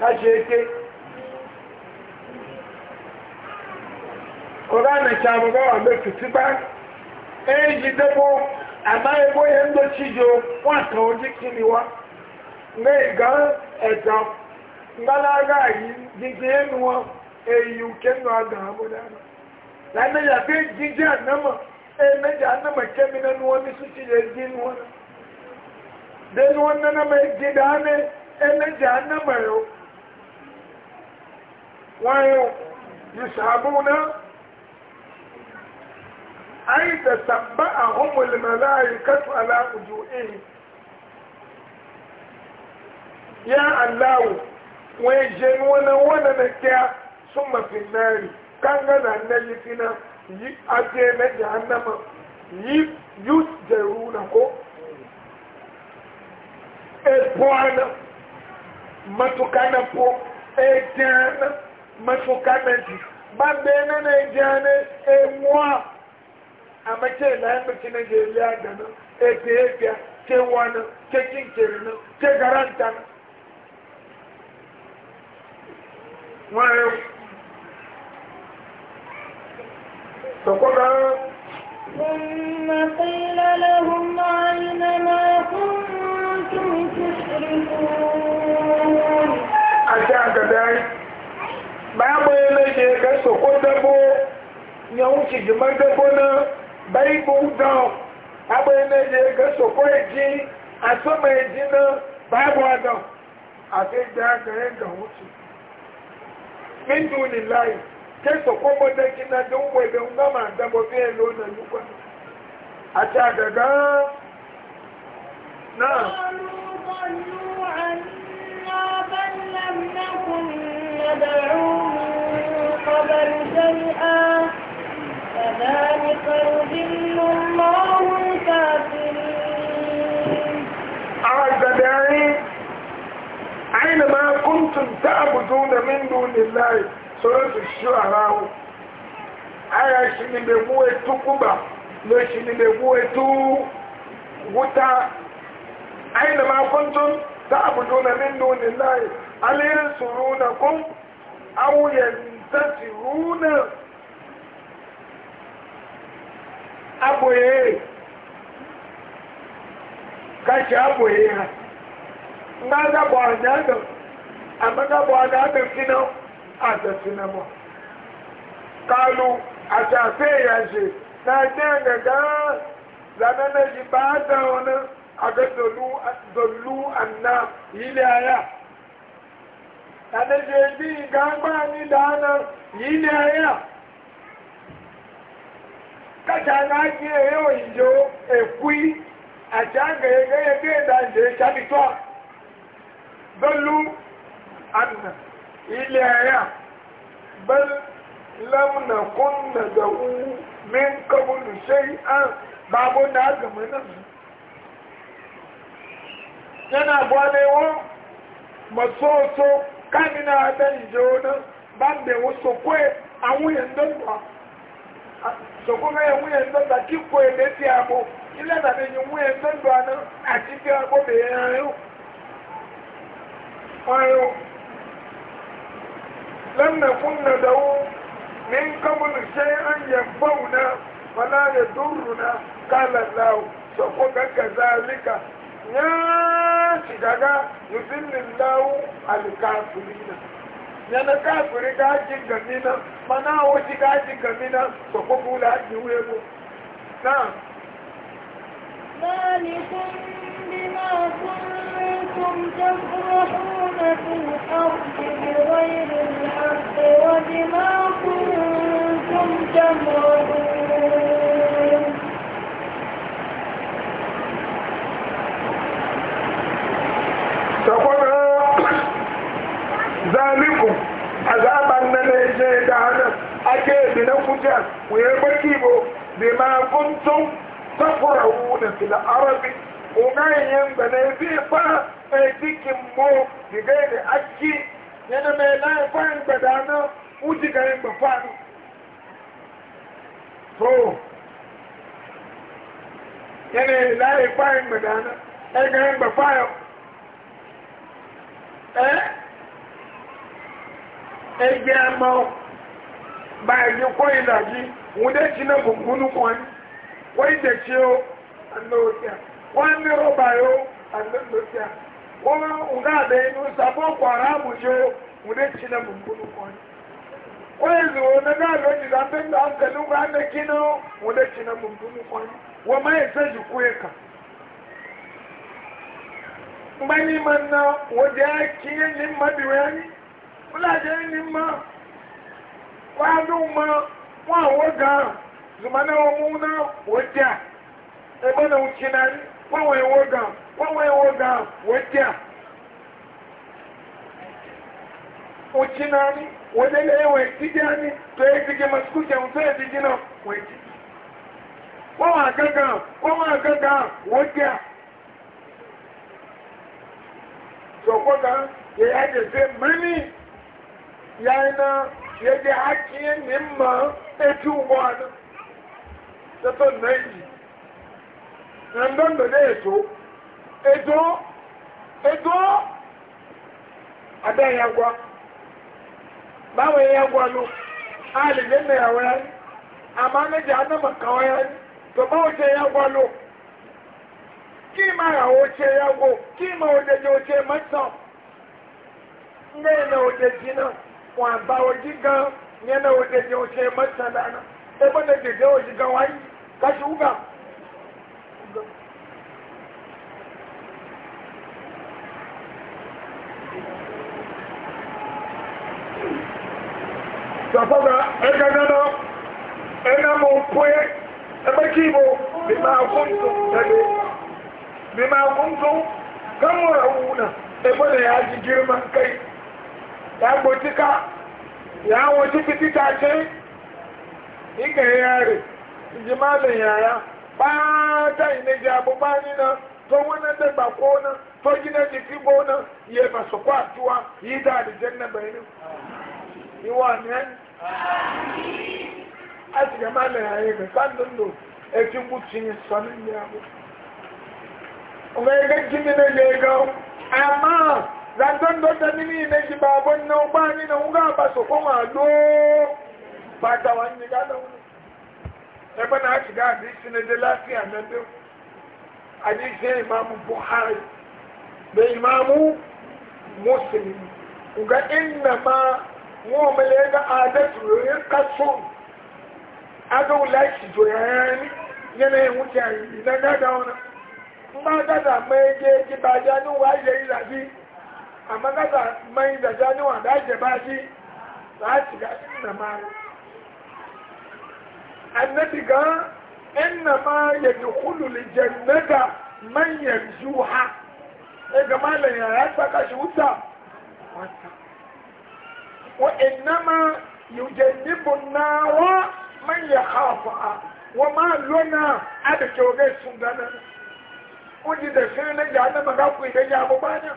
káṣe ké ọ̀rọ̀ àmìkà mọ̀gá wà bẹ́ tùtù bá èyí dẹ́gbọ́ àmá ẹgbọ́ yẹn ń lọ́tí jọ wọ́n àtàn ojú kí ni wá ní ìgán ẹ̀dà ńgbálára yìí jíjí ẹnu wọn èyí kẹ́nu àgàn àmúdára lánàá yàgbé jíjí anama ẹ̀mẹ́jà na nuwa nínú wọn ní wọ́n yìṣàbúná ayé tẹ̀sàbá àhúnmùlìmọ̀lá àyíkẹ́tù aláàkùjù èyí yá aláwò wọ́n yẹ wọ́nà wọ́nà na kíá súnmọ̀ fìnnárì kángánà nẹ́yí fínà yí ajé mẹ́jẹ̀ annama yí yúz jẹ̀rú na kó ẹ̀pọ̀ àná matukana po ẹ̀jẹ̀ àná mafi kabinci ba bene na jane emuwa a mace layan mace na jeliya da nan efe efe ke wani ke kinkiri nan ke garanta nan wọ́n sọ̀kọ́gbọ́n ثم قيل لهم عين ما كنتم تشركون أشاء babu na je ga soko dabo ya wuce jimar dabo na bai down abu yana je soko ji a sama ji na babu adam a sai da ga yadda wuce min duni layi soko mata kina don wai don gama dabo fiye lona na دعوا من قبل شيئا كذلك يذل الله الكافرين أعزائي أينما كنتم تعبدون من دون الله سورة الشعراء aya shi ni mewu etu kuba lo shi ni mewu etu wuta aina ma alẹ́ sọ̀rọ̀ na kó awuyẹ ntẹ́sí rúnà abòye kàṣẹ abòye ha ngadabọ̀ àdáàdọ̀ àmàdàbọ̀ àdáàdọ̀ fínà àtẹ̀sínàmọ̀ kálù àti àfẹ́yàṣe náà jẹ́ gẹ̀gẹ́ zananayi bá dáwọn àgbẹ̀dọ̀lú àná ilé ayá. nane ihe di gaa gbaa anyi daa na yi leee ya ka chaŋ hazie eyo nje ekwi a chaŋ ga eke da nje chakichu a dọluwula ana yi leee ya gbalawuna kuna gaa uwu min kpọmuru sie an babu na agam enem yana abụọle ụwa masooso. káàmì náà bẹ́ ìjọ náà bá ń bẹ̀ wọ́n sọ̀kọ́ ẹ̀ àwọn èèyàn kí kò èlé ti àbọ̀ ilé ìdàbẹ̀ yìí wọ́n èèyàn dọ́gba náà àti a ọgbọ́ bẹ̀rẹ̀ ẹ̀rọ ọ̀rọ̀ lẹ́nà fún ya shigaga yuzillin lawo alkafirina yana kafiri gajin gamina mana wasu gajin gamina su kubula ji wego na ذلكم بما كنتم تفرحون في الأرض بغير الحق وبما كنتم تمرحون zalikum azaban na ne je da hana ake bi na kuja ku yi baki bo bi ma kuntum tafrahuna fil arabi unayen da ne bi fa e dikin mo diga da akki yana mai na fa da dana uji ga yin ba fa to yana la fa da dana e ga yin ba fa eh ẹgbẹ́ ẹgbẹ́ báyìí kọ́ ìlàjí wọ́n dẹ̀ jí náà gùngùn wọn wọ́n ìdẹ̀ tí ó àlọ́ọ̀tíà wọ́n ní rọ́bà yóò àlọ́ọ̀tíà wọ́n ǹgá àbẹ̀ inú sàbọ̀kọ̀ ara àmùjọ wọ́n dẹ̀ wọ́n ìlú fúlàjẹ́ ní mọ́ wọ́n á dùn mọ́ wọ́n àwọ̀ gan zùmọ́nà ọmọ ebe wọ́n jà ẹgbẹ́ náà ń kí náà wọ́n wọ́n ẹ̀wọ̀ gan wọ́n wọ́n ẹ̀wọ̀ gan wọ́n jà wọ́n kí náà ní wọ́n lélẹ̀ ẹ̀wọ̀ ìdíje ní tó yẹ ìdíje yana ya ji haƙƙin mimma ɗakin wani ta son na yi nan don da zai to edo edo a dan yagwa ba wai yagwa lo alibin na yawa ya amma na ji hannun makawa ya to ba wace yagwa lo ma ya wace yago kima wajeje wace matsan ne na wajeji nan wọn bá ojú gan yẹn náà wọ́n dẹ̀dẹ̀ wọ́n ṣe mọ́tà dáná ẹgbẹ́ náà dẹ̀dẹ̀ gan wáyé káṣí wúgà. sọ̀fọ́gà ẹgbẹ́ náà ẹgbẹ́ mọ̀ ń pọ́ kí ibo bí máa kún tó máa kún girman kai. ya gbochika ya nwechikitita ce ike ya jimalin yaya bata ineji abubani na to wani dagba ko na to gina jiki ko na ye masu kwatuwa yi da alijan na bayanin iwa ne a ti gama da yaye ga sandun do e ti gucin ya sanin ya bu. Oga ya ga ya gawo, zandon dota mini ne babon na ba ni na unga ba so ko ma do ba ta wani ga da wani e ba na shi ga bi ne da lafiya na do ali imamu buhari da imamu muslim uga inna ma mu mele ga adatu ya kaso ado like to yani yana yin wuce na ga da wani ba da da mai je ki ba ja wa amma kasa mai da januwa da ake ba shi za a shiga inna ma annabi ga inna ma ya dukulu lijannata man yarjuha sai ga malam ya ya saka shi wuta wa inna ma yujannibu nawa man ya khafa wa ma lona ada kyoge sun gana kuji da sai na jahannama ga ku idan ya bu bana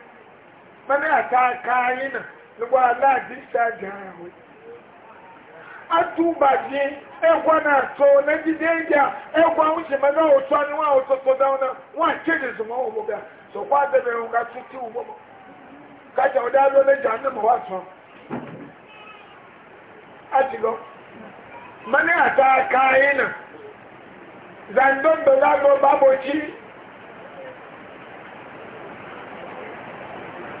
mana ata kayi na lugbo alaji ahụ atụbaji ekwa na atọ na jide ịbịa ekwa uche mana otu anyị nwa ụtụtụ dauna nwa dị zuma ụgbọ bịa kacha ụdị ma wa tụọ atigo mana ata kayi na zandon dola go babochi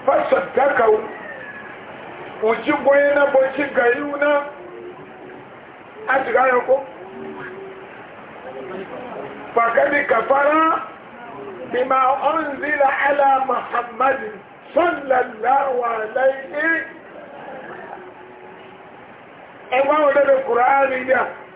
fasadaka uji boye na boci gayu na a shiga yanko fakadi kafara bima unzila ala muhammadin sallallahu alaihi ẹgbẹ́ àwọn ọ̀dọ́dọ̀ kùránì náà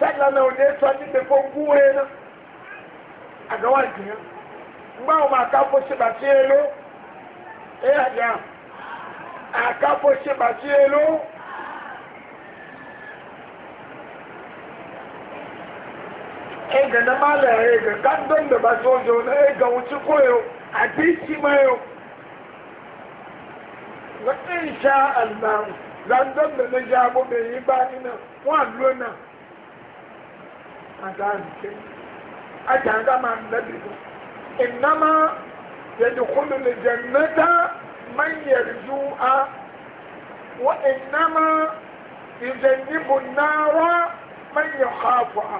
sallah na wanda ya tsaji da ko kuwe na a ga wajen ba wa ma ka fo shiba cielo eh aja a ka fo shiba cielo e ga na mala e ga kan don da ba sojo na e ga wuci koyo a dinki mayo wa insha Allah zan don da na jabo bai yi ba ina azaanike ajaanga maa ndabibu innama yadukulu lijannata man yarju'a wa innama yujannibu nnaara man yakhaafuha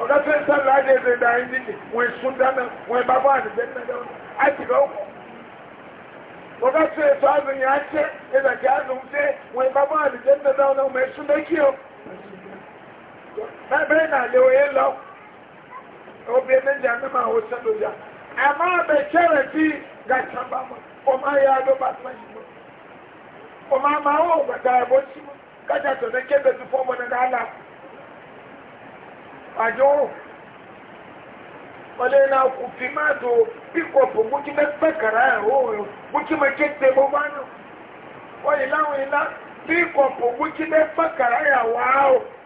ọ̀gá tó ń sálà á dẹ̀dẹ̀ dà ẹ́ nídìí wọ́n sún dáná wọ́n bá bá àdìgbẹ́ náà dáná á ti lọ́ kọ́ ọ̀gá tó ń sọ àdùn yẹn á tẹ́ ẹ̀dàkẹ́ àdùn tẹ́ wọ́n bá bá àdìgbẹ́ náà dáná wọ́n sún lẹ́kì ọ́. bẹ́ẹ̀ náà lè wòye lọ obìnrin méjì àgbẹ̀mọ̀ àwọn sẹ́nu ya àmọ́ àbẹ̀kẹ́rẹ̀ tí gàtàmbà mọ̀ ọmọ ayé adó ya tó yìí mọ̀ ọmọ àmọ́ àwọn ògbàgbà ẹ̀bọ̀ sí mọ̀ kájà tó ní kébè tó fọ́ ọmọ nínú àjọ wọlé náà kò fi máa tó píkọ̀pù bókí mẹ́fẹ́ kàrà ẹ̀hó o bókí mẹ́kẹ́ tẹ gbogbo àná wọ́n yìí láwọn yìí lá píkọ̀pù bókí mẹ́fẹ́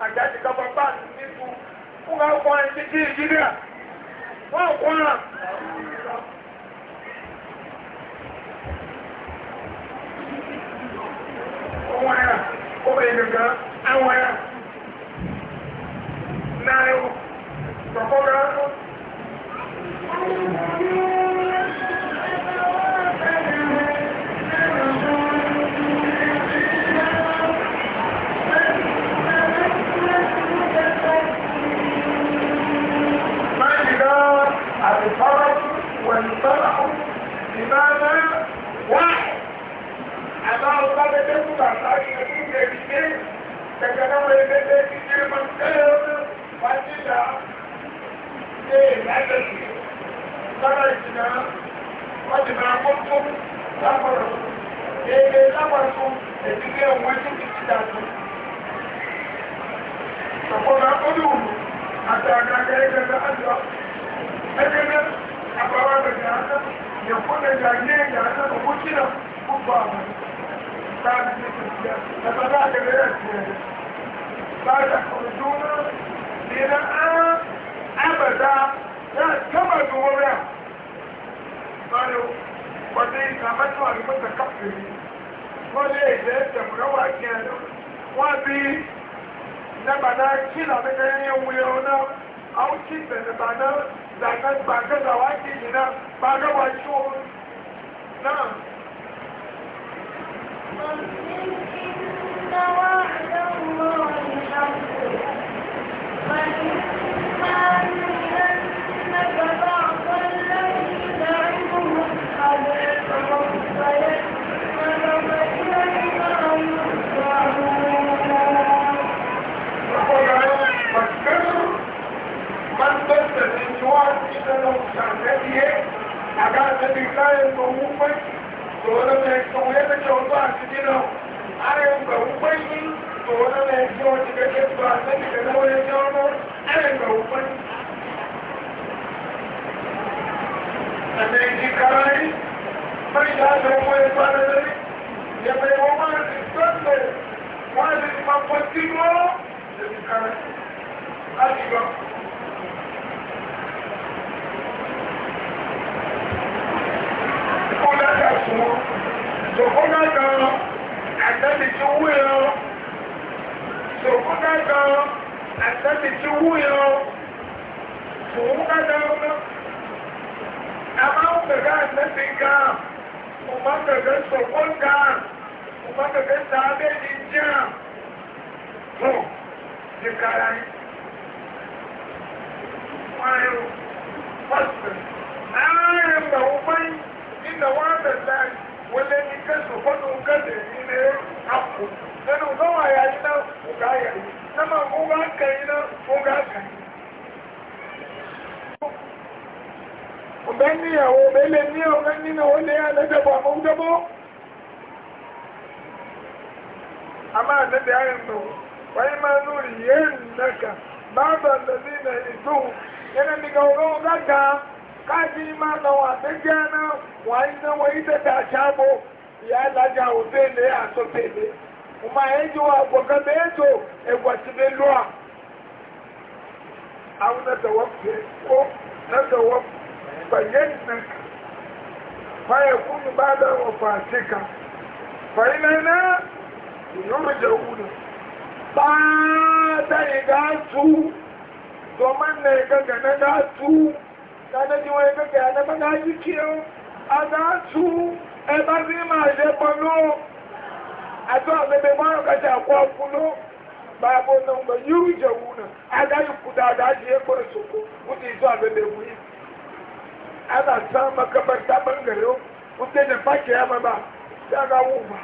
àjáde kápá bá nínú fún àwọn ẹni títí ìjíríà wọ́n kọ́ra. Àwọn ẹ̀rà, ó bẹ̀rẹ̀ nìkan, àwọn ẹ̀rà, náà ẹ̀wọ̀, tọ̀kọ́ rẹ̀ العدسي ترى الجماعة وجماعة قلتم لفرسوا إيه لفرسوا الدنيا وجد اجتدادهم فقل أقولون حتى أنا كيف أدرى أجل أبواب جهنم يكون جاهلين جهنم وكنا كفارا بعد ذلك فبدأت بذلك لا تخرجون إلى أبدا kama duwara bari wani kamatu a rubuta kafiri wani da ya tamura wa kenan wabi na bana kila na ganyen wuyo na auki da na bana zanen ba gaza wake ina ba gawa ciwo na وَإِنَّ وَعْدَ اللَّهِ حَقٌّ francés bien, acá se el todo es como que un conjunto y todo el es como que que el es el Se ahí, el y sòkúnà you. àtẹ́bí ti wú yẹn sòkúnà kan àtẹ́bí ti wú yẹn sòkúnà kan àmọ́ gbẹ̀gẹ́ àtẹ́bí kan ọmọ gbẹ̀gẹ́ sòkún kan ọmọ gbẹ̀gẹ́ sàbẹ̀ ní jẹ́ tó ti kára yìí. Wọ́n yóò fọ́sùn. Ààrẹ ìgbà wọ́n máa ń ní ìnáwó àbẹ̀lẹ́ àti wọlé ní kẹsùn fọ́tò kẹsẹ̀ yìí lé àpò nínú sọ́wọ́ àyà yìí náà mo gà yà yìí sọ́mọ́ mo gà kẹ́ yìí náà mo gà kẹ́ níyàwó ọ̀bẹ́ lè ní ọ̀bẹ́ nínú ó lé alẹ́dẹ̀bọ̀ a máa dẹ́dẹ̀ àrìnà wáyé máa ń rí yéèrè nẹ́ka bá bàtà sí ilẹ̀ ìgbóhùn yẹ́nà nìkan ọgọ́ ọgá káàkiri ma na wọn àtẹ́jẹ́ náà wọ́n á iná wọ́n yí tẹ̀tẹ̀ àṣàbò ìyá alájà òtẹ́lẹ̀ àtọ́tẹ̀lẹ̀ wọ́n máa yẹn jẹ́ wọn àgbọ̀gán mẹ́tò ẹ̀gbọ̀sílẹ̀ lọ́à àwọn ẹ̀dọ̀wọ́ pé kó ẹ̀dọ̀wọ́ pẹ̀lẹ́ nìkan fáyẹ̀ fún mi bá dáwọ̀ fún àṣekà fàyínà náà ìyọ́rọ̀ jẹ́ òwúrọ̀ bá tàbí tí wọ́n ẹgbẹ́gbẹ́ àdẹ́gbẹ́gbẹ́ ajú kí ó adáàtú ẹbá sí máa ṣe pọ̀lú àtọ́ àgbẹ̀gbẹ̀ mọ́rọ̀ kàtà àkọ́ ọkùnlú báàbò náà gbẹ̀ yíò jẹ̀wù náà adáyù kùtà adájú ẹgbẹ́ ìṣòkó ó ti sọ àgbẹ̀gbẹ̀ wù yìí ana san makabarta bangare ó tẹ́lẹ̀ fàkì ẹ̀mọ́ bá yára wù bá.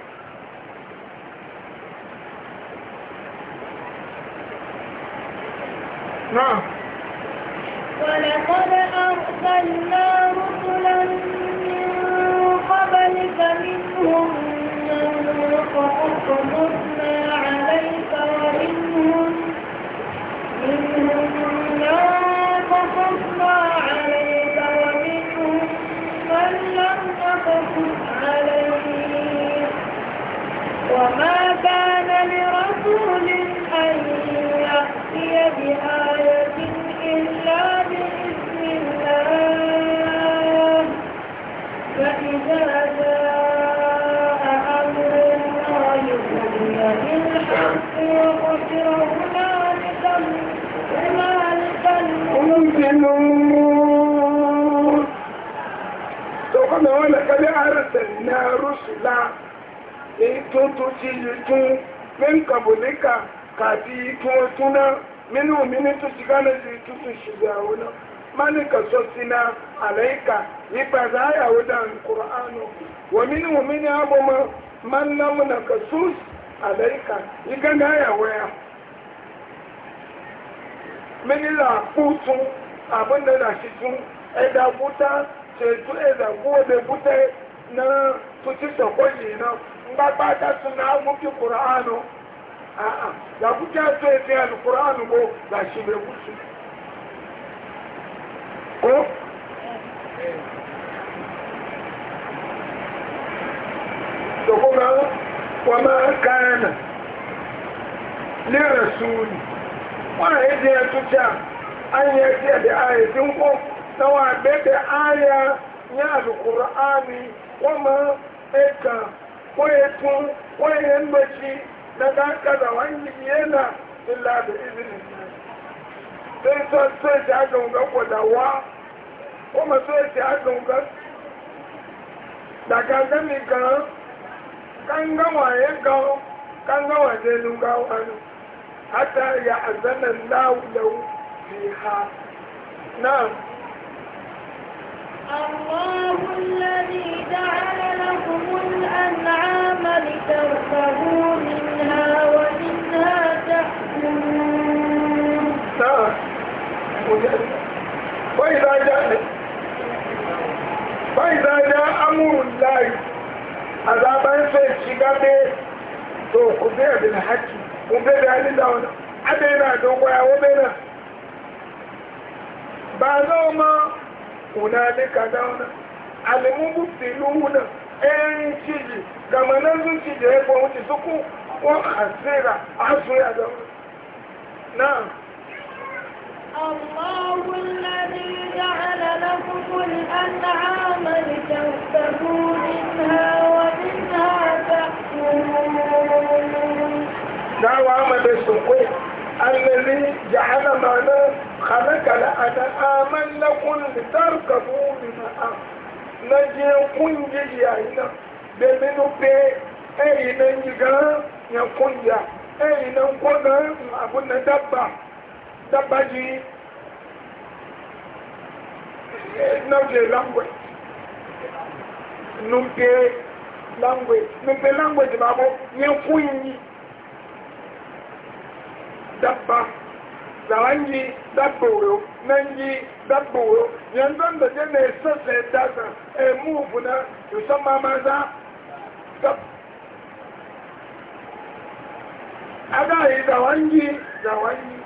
náà ولقد أرسلنا رسلا من قبلك منهم من قصصنا عليك ومنهم منهم من قصصنا عليك ومنهم من لم نقصص عليه وما كان لرسول أن يأتي بآية إلا بإذن الله فإذا جاء أمر الله قضي بالحق وخسر هنالك هنالك المؤمنون وقال ولقد أرسلنا رسلا èyí tó tó ti yìí tún ní kàbọ̀lẹ́kà kàbí tún ọtún náà minu mini tu shigana ji tu tu shiga wuna si na alaika yi ba zaa a yawo da alkur'anu wa minu mini abu ma man lamu na alaika yi ya mini la putu da shi tun ẹ̀dà buta ṣètò ẹ̀dà gbóòdè na tuti sọ̀kọ́ yìí na ń gbá pátá náà mú yakuta to efe alukuraanu bo lasebe wusu ko soko ma wama kaana ne rasuuli wana edi etuta anyi a edi ayi ti nko na wa bebe aya nye alukuraani wama eka wọ́n yẹ tún wọ́n yẹ ń gbèsè da ɗanka da wani yana illa da izinin sai so sai aka kuma so shi aka hunga da kan kan gawa ya gawo kan gawa hata ya azanan laulau na الله الذي جعل لكم الأنعام فإذا جاء أمر الله عذابا فيشيكا to ku biya bil haƙƙi kun bai da halin da wani ada yana dogon yawo bai nan ba zo ma kuna ne ka da wani alimun bukti luhuna ɗayan ciji gama nan sun ciji ya kwa wuce suku ko asira asu ya da الله الذي جعل لكم الأنعام لتركبوا منها ومنها تأكلون دعوة عمل السوقين الذي جعل معناه خلق لأنعام لكم لتركبوا منها نجي كنجي يا هنا بمنو بي أي نجي يا كنجي أي نجي أبو ندبه tabaji eh, nọje language numpe language numpe language ma bo nye funyi dabba zawanji dabboro nanji dabboro yanzu da je na esasa eh, ya dasa e move na yusamma maza dabba eh, aga yi zawanji zawanji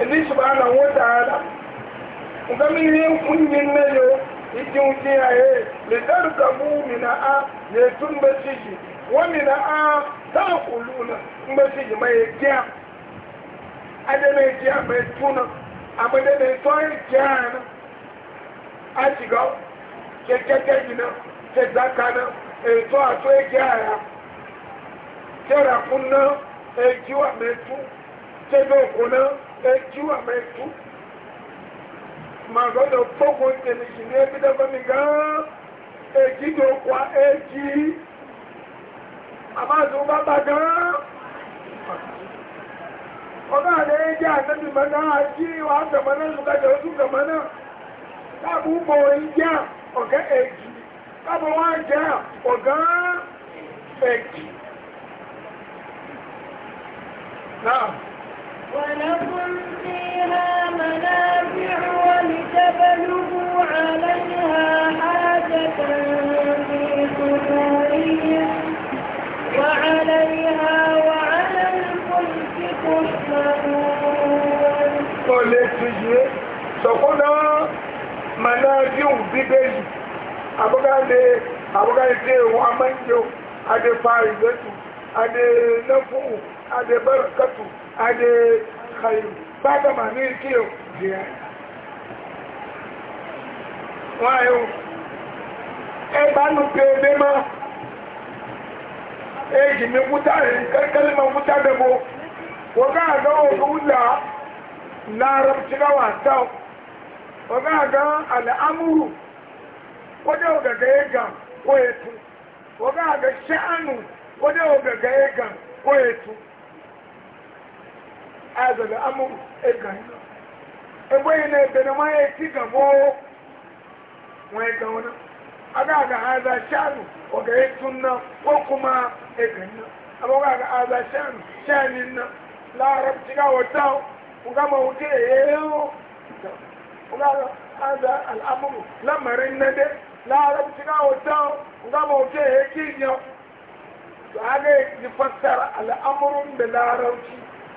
ìdí subhanahu wa ta'ala nǹkan mi ní kúnyìn mẹ́lẹ̀ iji ìdí ń na a lè tún bẹ́ sí yìí wọ́n na a táà kò lù nà ń bẹ́ sí yìí máa yẹ jẹ́ adé náà jẹ́ àmọ́ ẹ̀tún náà ya na náà tọ́ ẹ̀ jẹ́ àná na ẹjú àmà ẹjú màá gbọ́dọ̀ fọ́kù tẹ̀lẹ̀sì ní ẹbí dẹ́fẹ́mi gan-an èjì tó kwa èjì àmáàzù bàbá gan-an ọgá àlẹ́ èjì àtẹ́bí mọ́nà àjí wà tẹ̀mọ́nà lùkàjọ oṣù tẹ̀mọ́nà táàbù bọ̀ ìjà ọ̀gá èjì táàbù wá jẹ́ ọ̀gá èjì náà ولكم فيها منافع ولتبلغوا عليها حاجة في صدورهم وعليها وعلى الفلك تحملون سقنا منافع بدل abogade abogade wa manjo ade faizatu ade nafu ade barakatu ade khairu baba ma ni ki o je wa yo e ba nu pe be ma e ji mi kuta e kalkal ma kuta da mo ko ga ga o kula larab ci ga wasa ko ga ga al'amuru ko da ga ga ga ko etu ko ga ga sha'anu ko da ga ga ga ko etu azaga amu ega ebe yi na ebe na ma ya ti ga bo wa ega ona aga ga aza shanu o ga etun na ko kuma ega na abo aga ga aza shanu shani na la rab ti ga wata ku ga ma wuce yeo aza al amru na de la rab ti ga wata ku ga ma wuce yeo kinyo to aga ji fassara al amrun da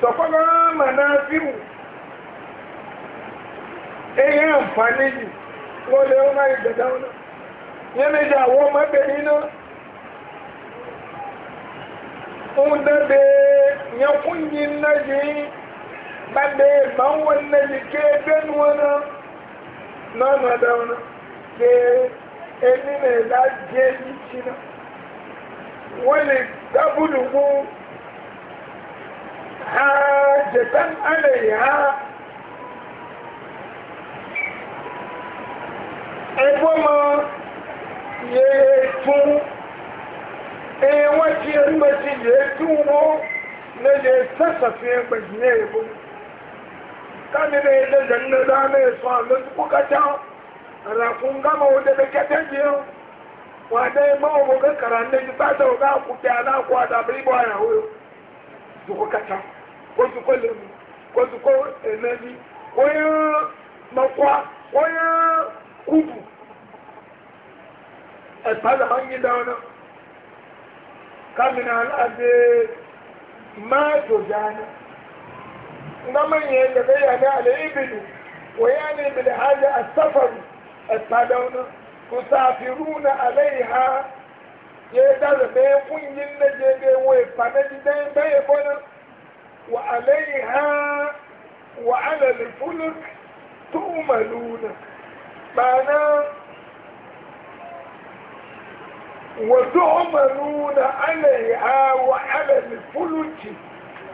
sọ̀kọ́nà mọ̀nà fíìmù èyí àǹfààní yìí wọ́n lè wọ́n máa ìgbẹ̀dá wọn náà yẹn lè jẹ́ àwọn ọmọbìnrin náà ń dẹ́bẹ̀ yẹn fún yìí náà yìí bá dé máa ń wọ́n náà yìí ké bẹ́ẹ̀ni wọn náà náà nà dá wọn náà ké ẹni náà láti jẹ́ yìí sí náà wọ́n lè dábùlù fún. حاجة عليها ẹgbọ́mọ yẹ tún ẹwọ́n tí ẹ mẹ́tí yẹ tún wọ́n lẹ́yẹ sẹ́sàfí ẹgbẹ̀jì ní ẹ̀bọ́ káàdìrí ẹlẹ́jẹ̀ nínú dáná ẹ̀sọ́ àlọ́sípò kájá àràfún gámọ̀ òde lè kẹ́tẹ́ jẹ́ ọ́ wọ́n adé ya kótó kó lèmi kótó kó èmẹ́mi wọ́yẹ́ mọ́kwa wọ́yẹ́ kúbù ẹ̀fà làwọn yín dáná kámínà adé máa dòjà ní. Nama daga yana ale ibilu, wa yana ibilu a safaru, a tsadauna, na alaiha, ya dara bai kungin na je bai wai fana ji وعليها وعلى الفلك تؤملون معنى وتؤملون عليها وعلى الفلك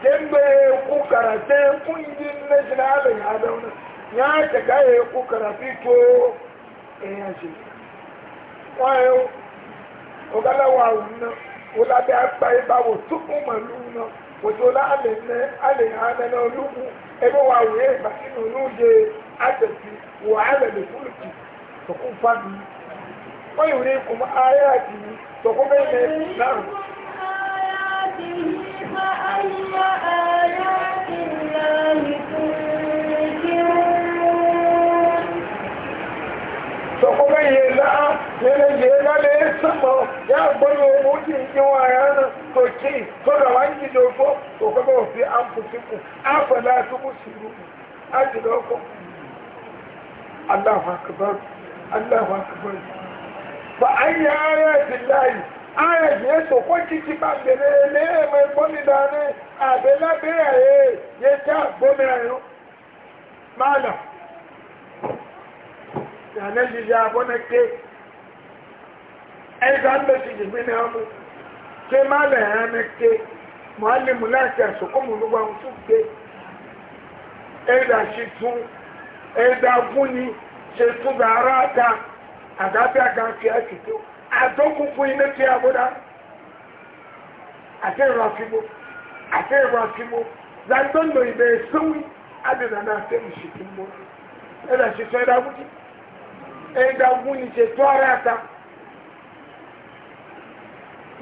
كما يقول كراتين كنت عليها دونا ya daga ya kukara fito èèyàn jù wọ́n yóò ọ̀gálàwà òun náà wọ́n lábẹ́ wòtòlá alẹ̀ alẹ̀ ànàna olúkú ẹgbẹ́ wa wòye màsínú olóòjé àtẹ̀sí wò alẹ̀ lè fúlùkì tọkún fàbí wọ́n yìí rí kùn ayé àti tọkún bẹ́ẹ̀ náà. Tọkún bẹ́ẹ̀ yẹn yana je yana da ya saba ya baro mutum yawa yana soke to da wani dogo to ka ba an ku an fala su musiru an ji Allahu akbar Allahu akbar fa an me boni dane abela ta ayo mala ya ne ẹ̀dá lọ́sí ìgbé ní ọmọ ṣé má lẹ̀ hàn ní ké mọ́álìmù láti àsokòmù ló wà ń tún ké ẹ̀dá ṣe tún ẹ̀dá gúnni ṣe tún bàárà ta àdábí àgàfi àtìtò àdókùnkùn iná tí a bọ́dá àti ìrọ̀ àfimó àti ìrọ̀ àfimó làdọ́nà ìbẹ̀ sówí àdìdà náà tẹ́lù ṣètò mọ́ ẹ̀dá ṣe tún ẹ̀dá gúnni ṣe tún ara ta.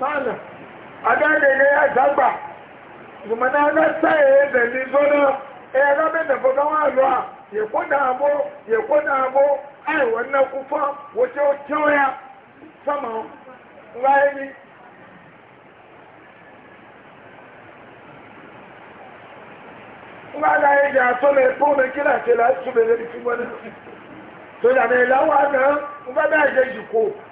sana na azagba zumana anasa ebe n'izono ega bende foga wa lwa yekwo daabo a daabo ai wannan kufa wace kyauya sama ngayeni ngana ye ja sole pome kila tela subele bitumana so da na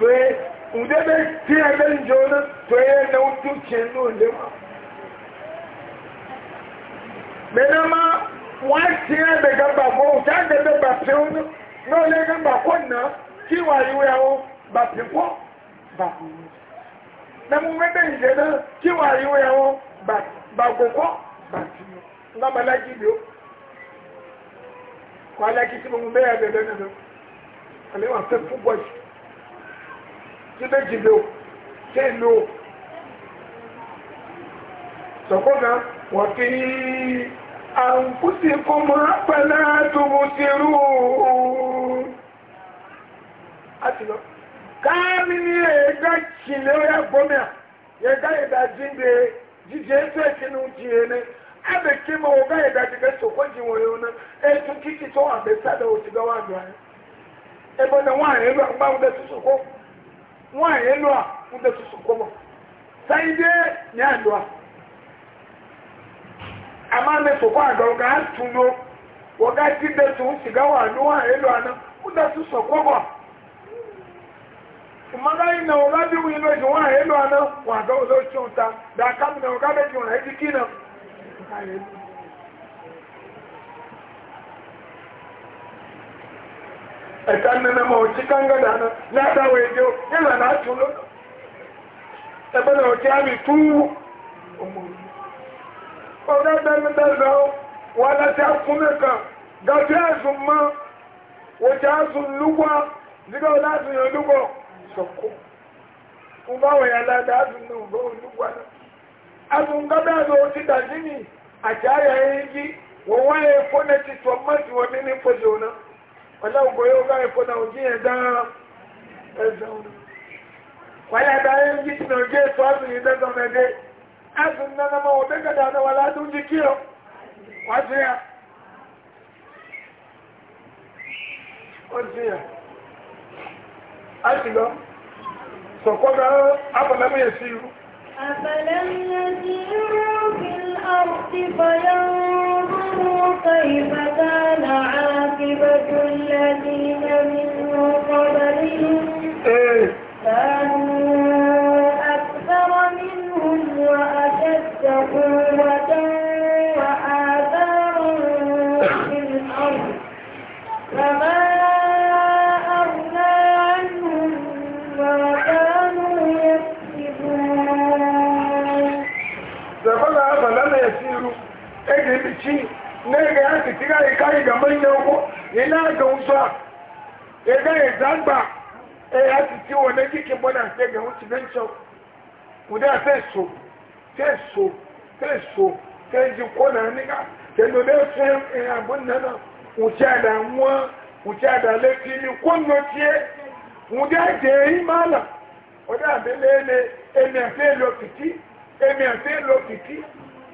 to ye nde bɛ tiɲɛ bɛ n jo na to ye na o tu tiɲɛ n'o de ma mɛnama wa tiɲɛ bɛ ka ba fɔ o t'a de bɛ ba pewu na n'o le ka ba kɔ na k'i wa yi wa o ba pe kɔ ba na mu mɛ bɛ n na k'i wa yi wa o ba ba ko kɔ ba ti n ka ba la ji bi o kɔ ala kisi mo mu bɛ ya bɛ na do ale wa fɛ fo bɔ si. síbẹ̀ jìbẹ̀ o ṣé ìlú o wọ́n fi àǹkúsí kó mọ́ pẹ̀lá tó mo ti rú o àti lọ káàmì ní ẹ̀ẹ́dá kìlẹ̀ ọ̀yà gbọ́mìà ẹ̀ẹ́dá ẹ̀dá jíjẹ ẹ̀ẹ́dá ìkínú jìnnà ní kí ná kíkì tó wà bẹ́ẹ̀ sádà wà gbà ẹ̀ àyẹ̀lú tó nwaanyị elu a mbetusu kọbọ sai dai ya addu'a amma me so kwa ga tuno wa ga elu anan ku da su so kọbọ kuma ga ina o elu anan wa ga o lo na o ga e ẹ̀ka nínú ọmọ òtí kángádà náà ládàwọ̀ na na àti olóòtú ẹgbẹ́nà òtí àmì tún ọmọ òní ọ̀rẹ́ bẹ́ẹ̀mẹ́tẹ́lẹ́ wà láti àkúnmẹ́kà gàtí àzùn mọ́ wòtí àzùn lúgbọ́ nígbà wọ́n láti yàn lúgbọ́ sọ̀kọ́ fún na yà ládà ala. Azụ bọ́ olúgbọ́ ọlọ́run kò yóò káyọ̀ fọ́nà òjì yẹn dán ẹ̀sán ọ̀nà. wáyà dáyé ń jí tìǹà òjì èso ọ̀sùn yìí dẹ́sán ẹ̀sùn nánà mọ́ òbí kẹta ọ̀nà jí kí ya, أفلم يسيروا في الأرض فينظروا كيف ne ga ya ci tira ya kai ga manyan ko ina ga wusa ya e ga ya zagba e ya ci ci wa na jikin bana sai ga wuce nan can kuda sai kona ni ga sai do dai sai e abun nan wuce da muwa wuce ni kunno tie wuda je yi mala wuda bele ne emi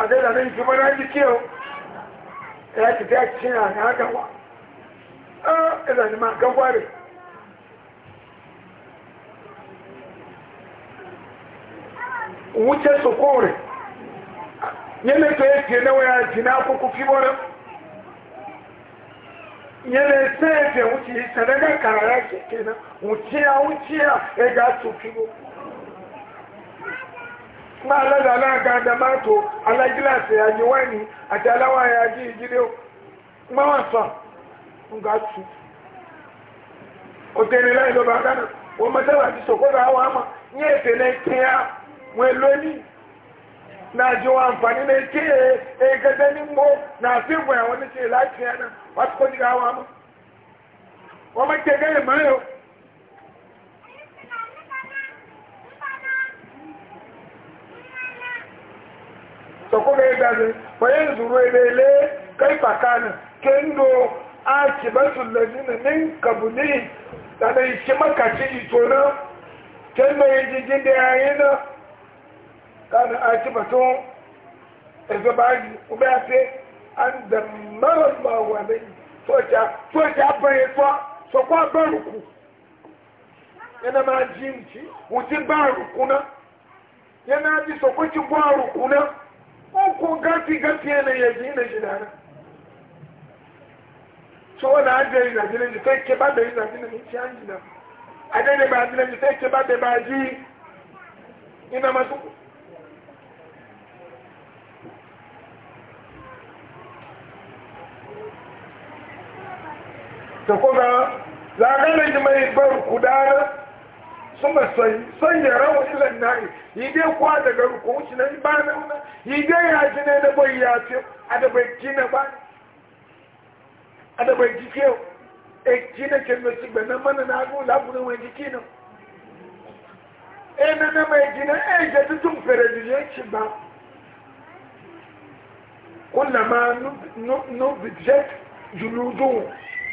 àtẹ́lẹ̀ àti ìjọba náà ti kí o ẹ̀yà ti fẹ́ kí ní àná Ah, ẹ̀là ni máa gàwà rẹ̀ òun jẹ́ sọ̀kọ́ rẹ̀ yẹ́lẹ̀ tó yẹ kí náwó ya ku àkókò fíbọ́ rẹ̀ yẹ́lẹ̀ sẹ́ẹ̀dẹ̀ òun wuce ya máa lọ́dà náà ga damato alágíláàsì àjíwáni àti aláwọ̀ àyájí ìjírí máa sọ nga tu òtẹ́ni láì lọ́ba gánà wọ́n mọ́tẹ́wà ti sọ̀kọ́dà àwọn àmà ní ètè náà kíá wọ́n lónìí na ji wa amfani na ke e ga mo na fi gwaya wani ce lafiya na wata kwaji gawa ma mayo sokoga ya gazi bayan zuru ilele kai fakana kendo a ci basu lalina min kabuli da na ishi makaci ito na kendo yi jijin da yayi na kana a ci basu ebe kuma ya fi an da marar mawalai soja soja bayan so sokwa baruku yana ma jinci wucin baruku na yana ji sokwa ci na ko gafi gafi ne ya ji ne jidana so wala aje ina jine ji sai ke ba da ina jine ni ci anji na aje ne ba jine ji sai ke ba da ba ji ina masu ta kuma zaganin mai bar kudara suma sai sai ya rawa ilan nari daga rukun shi na ba na wuna yi ya ji ne da bai ya ce a da bai ki ba a da bai ki ke e ki na ke mai na mana na agu labu na wani na e na na mai ki e ga ji tun fere ji ya ci ba kullama nubjet juludu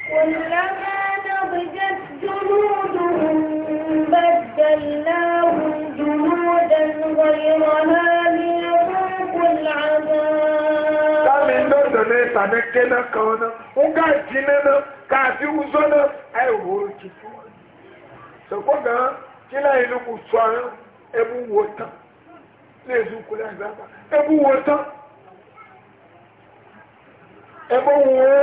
kullama nubjet juludu بدلناهم جنودا غيرها ليذوقوا العذاب kamin don da ne tane kenan ka wani un ga jini na ka fi wuzo na ai wuri ki so ko ga kila yi nuku tsoron ebu wota ne zu kula zaba ebu wota ebu wo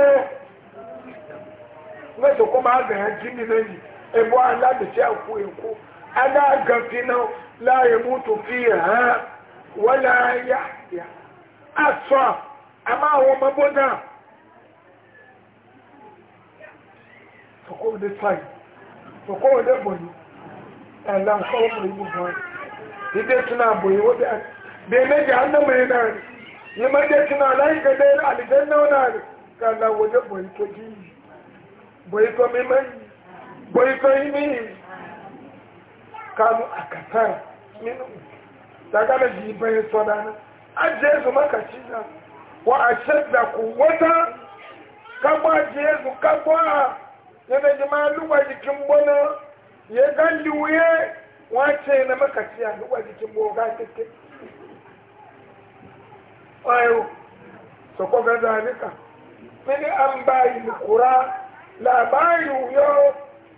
ne so kuma ga jini na yi ebo ala da ta Eku, ku ala na la yamutu ha wala ya, yahya aswa ama wo maboda to ko de sai to ko de boni ala ko mo ni bo ide tuna boye wo da be me ja anda me na ni ma de tuna lai ga de alijanna na kala wo de boye to ji boye mai boyfriend mini kanu a kasar minu ta gane jibayin sonana ajiye su maka na wa a shadda kuwata kagba ajiye su kagba yana ji ma luwa jikin na ya galli wuye wace na maka a luwa jikin boga kike ayo so ko ga zalika mini an bayi kura labari yau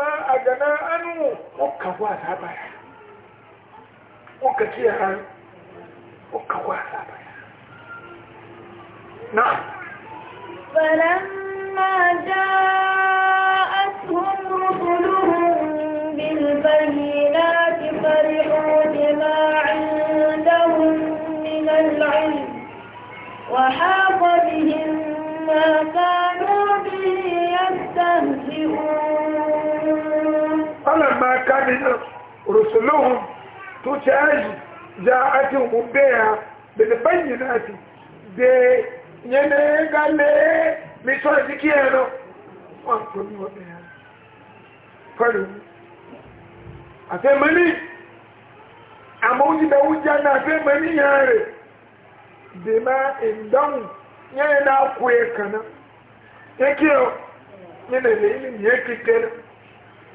ma a gana anu ọka kwa ọka ọka kwa na فلما جاءتهم رسلهم بالبينات فرحوا بما عندهم من العلم وحاولوا كان رسلهم تشاج جاءتهم بها بالبينات دي ينه قال لي مشوا ذكيانو وانتم وبها فلو أفهمني أما وجد وجانا أفهمني يا ري بما إندم ينه أقوى كنا يكيو ينه ليلي يكي كنا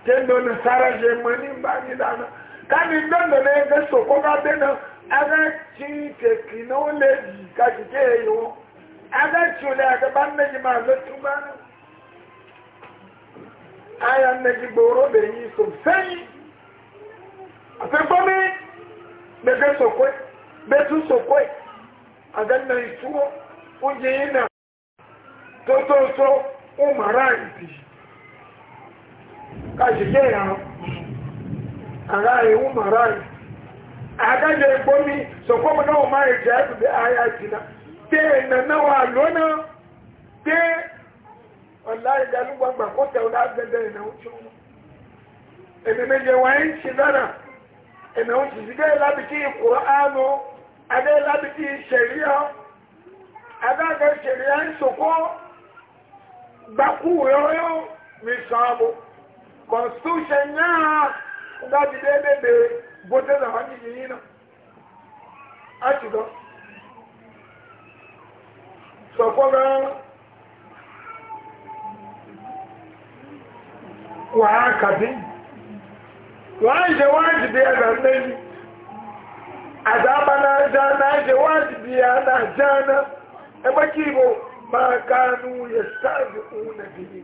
tendo na sara gemani mbani dana kani ndondo na ege soko ga bena aga chi technology ka jike yo aga chule aga banne ji ma lo tumana aya ne ji boro be yi so sei ape bomi bege soko betu soko aga na ituo unje ina toto so umaranti kàṣìṣẹ́ ìrànà àrá ewu màrá rẹ̀ àgájẹ ìgbómi sọ̀kọ́mù náà má ìjẹ́ àtúndé ayé àjìnà tẹ́ ẹ̀nà náà wà lónà tẹ́ ọ̀lá ìdálúgbàgbà kó tẹ̀ ọ̀lá àgbẹ̀dẹ̀ ẹ̀nà ojú wọn ẹ̀nà méje wà ń ṣe lára ẹ̀nà ojú sígẹ́ lábìtí ìkùrọ̀ ánú adé lábìtí adájọ́ ìṣẹ̀ríà ń sọ̀kọ́ gbàkú mi sàn constitution naa nga di dee bee bee bote na wani yi yina a ti dɔ sɔkɔla waa kabi waa nze waa di bee na nani azaba na ja na nze waa di bee na ja na ebe ki bo ma kanu yɛ saa di una bi yi.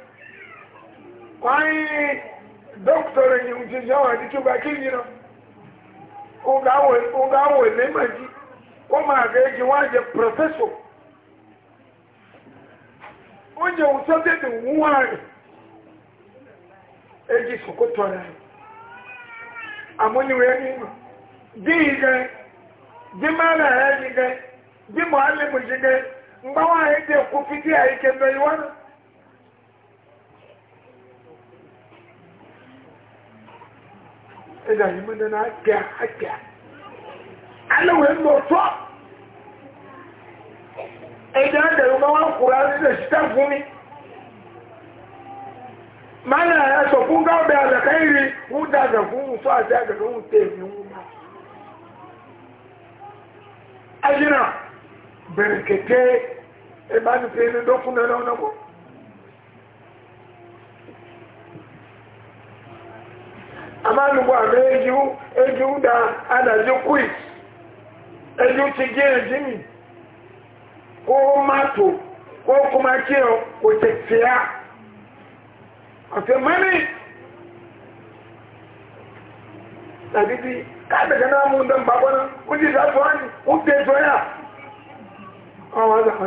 kwanye dọkịta enyi m jiji ọha dị chụgba kiri na ụga awe mema ji ụmụaka eji nwaanyị prọfesọ onye ụsọ dị dị nwaanyị eji sokoto ya amụnyi wee n'ime di ige di mara ya ige di mọ alịmụ ji ige mgbanwe anyị dị ekwupụta ya ike mmeri ẹ̀dà yìí mọ́ nínú àkẹ́ àkẹ́ alẹ́wẹ̀ ń lọ tọ́ ẹ̀dà àdàrú bá kúrò àrílẹ̀ síta fún mi máa nà ẹ̀sọ̀ fún gáàbẹ̀ àdàkà ìrì fún un fún àti àdàkà ń tẹ̀ mí ń mọ́ amálùgbò àmì ejú ejú da adàjú kùí ejú ti gé ẹjí mi kó má tò kó kó má kí ọ kò tètè á ọ̀sẹ̀ mẹ́rin tàbí ti káàbẹ̀kẹ́ náà mú ndọ́ mbàbọ́ náà ó ti sá tó wáyé ó tẹ̀ tó yà ọwọ́ àgbà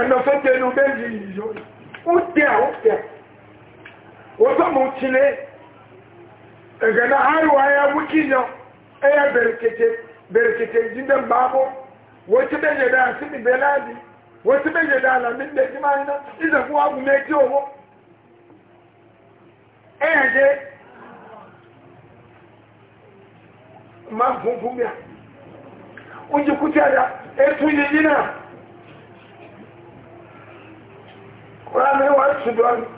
ẹ̀nà tó tẹnu bẹ́ẹ̀ yìí yọ ó tẹ̀ ó tẹ̀. wata mutune daga na haihuwa ya wuki yau ɗaya berkete gidan babu wasu ɗaya da asibi beladi wasu ɗaya da alamin da jima abu mai kyau ɗaya je ma funfun ya ƙunji kuta da ɗaya yi yana ƙura mai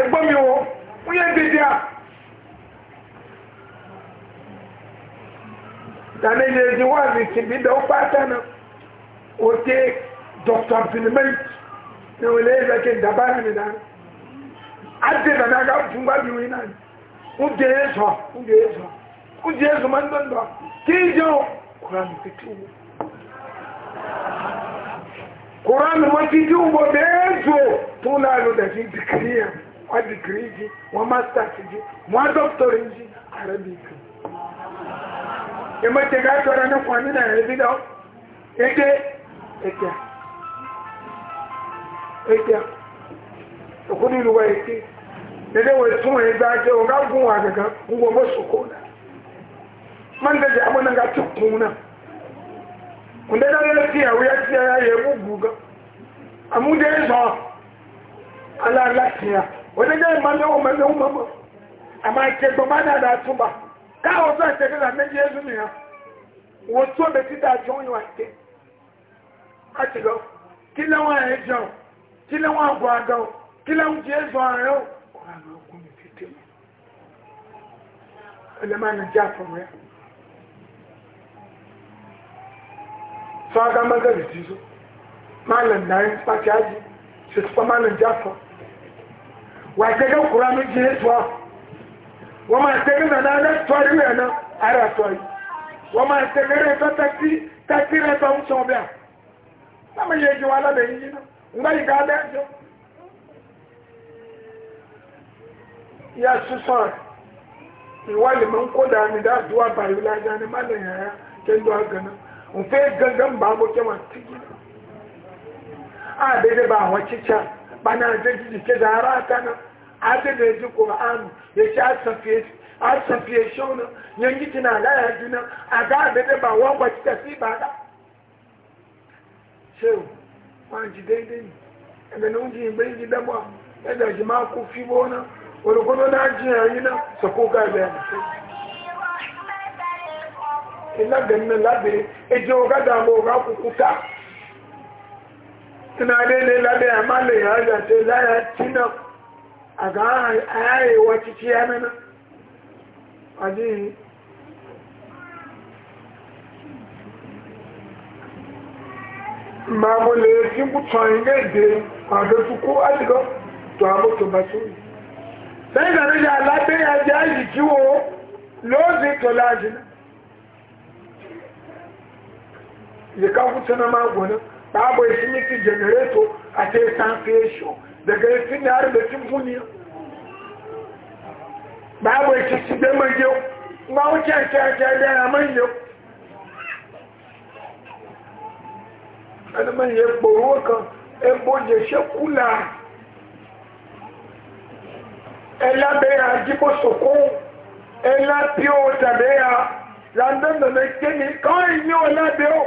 ẹgbọ́n mi wọ́n wọ́n yẹ dídí à. Dàní ilé ẹ̀dín wà ní tìbí dẹ́wọ́ pátá náà. Ó dé Dr. Abdulmalik ní wọ́n lé ẹ̀rọ kí n dàbá rẹ̀ mi dáná. Á dé dàní àgá fún gbàgbé wí náà. Ó dé èso, ó dé èso, ó dé èso máa ń dọ̀ndọ̀. Kí n jẹun, kúrò àmì kékeré wò. Kúrò àmì wọn ti dín bẹ́ẹ̀ zò tó láàlú dàbí dìkìrì yẹn. nwa digiri ji nwa masters ji nwa dọkịta ji arabik emete ga atọrọ na kwani na ebido eke eke eke okuni luwa eke dede wo tun e gba je o ga gun wa gangan ngwo mo soko na man na ga na ya ya ga ezọ ala onígbà ìmọ̀lẹ́ wọn mẹ́lẹ́ wọn mọ́ àmà ìkẹgbọ́n bá dáadáa tún bá káwọn sọ ìtẹ̀kẹ́ta méjì ẹ̀ lónìí hàn wọ́n tún ọbẹ̀ títà jọ yín wá ké láti lọ kí lẹ́wọ̀n ẹ̀ jẹun kí lẹ́wọ̀n àgọ́ àgọ́ kí lẹ́wọ̀n jẹ́ ẹ̀zọ́ ààrẹ ò kọ́ àgọ́ mi fi dé mọ́ ní jẹ́ àfọ̀mọ́ sọ wàtẹ́gẹ́ kura ní jíẹ́ tó a wọ́n máa tẹ́gẹ́ nàdá rẹ̀ tọ́rí rẹ̀ náà ara tọ́rí wọ́n máa tẹ́gẹ́ rẹ̀ tó tẹ́tí tẹ́tí rẹ̀ tó ń sọ bí a sáàmì yẹ jù wá lábẹ́ yìí náà ńgbà yìí ká bẹ́ẹ̀ jọ. yà sísọ ìwádìí mọ̀ ń kó dà mí dá dùn àbàyè lájà ní má lè yàn yà kí n dùn àgànà òfé gángan bàá mo kẹ́ wọn tìjì náà ba zai ji ke zara ta nan ake da ya ya ci a safiye shaunan yanki aga laya juna a ga da ba wangwa ci tafi ba da shehu wani ji daidai ne daga nan ji bai ji ma ku fi bona wani kuma na ji yayi nan sa ga da labe ga ga suna daidai labe a mala ya zace laya tina a ga a yaye wacce ci ya nana a ji mamule fi mutuwan gaide kwado su ko aligo to a mutu ba su sai da rage alabe ya ji aji kiwo lozi to lajina ya kan kuta na magunan babu esimiti generator a ce sanfesho daga yasin da har da simfoniya babu ekisi da manje ma wuce a kyakya da ya manje wani manje gboro kan ebo je shekula ela beya jibo soko ela piyo tabeya landan da na kini kawai yi wa labewa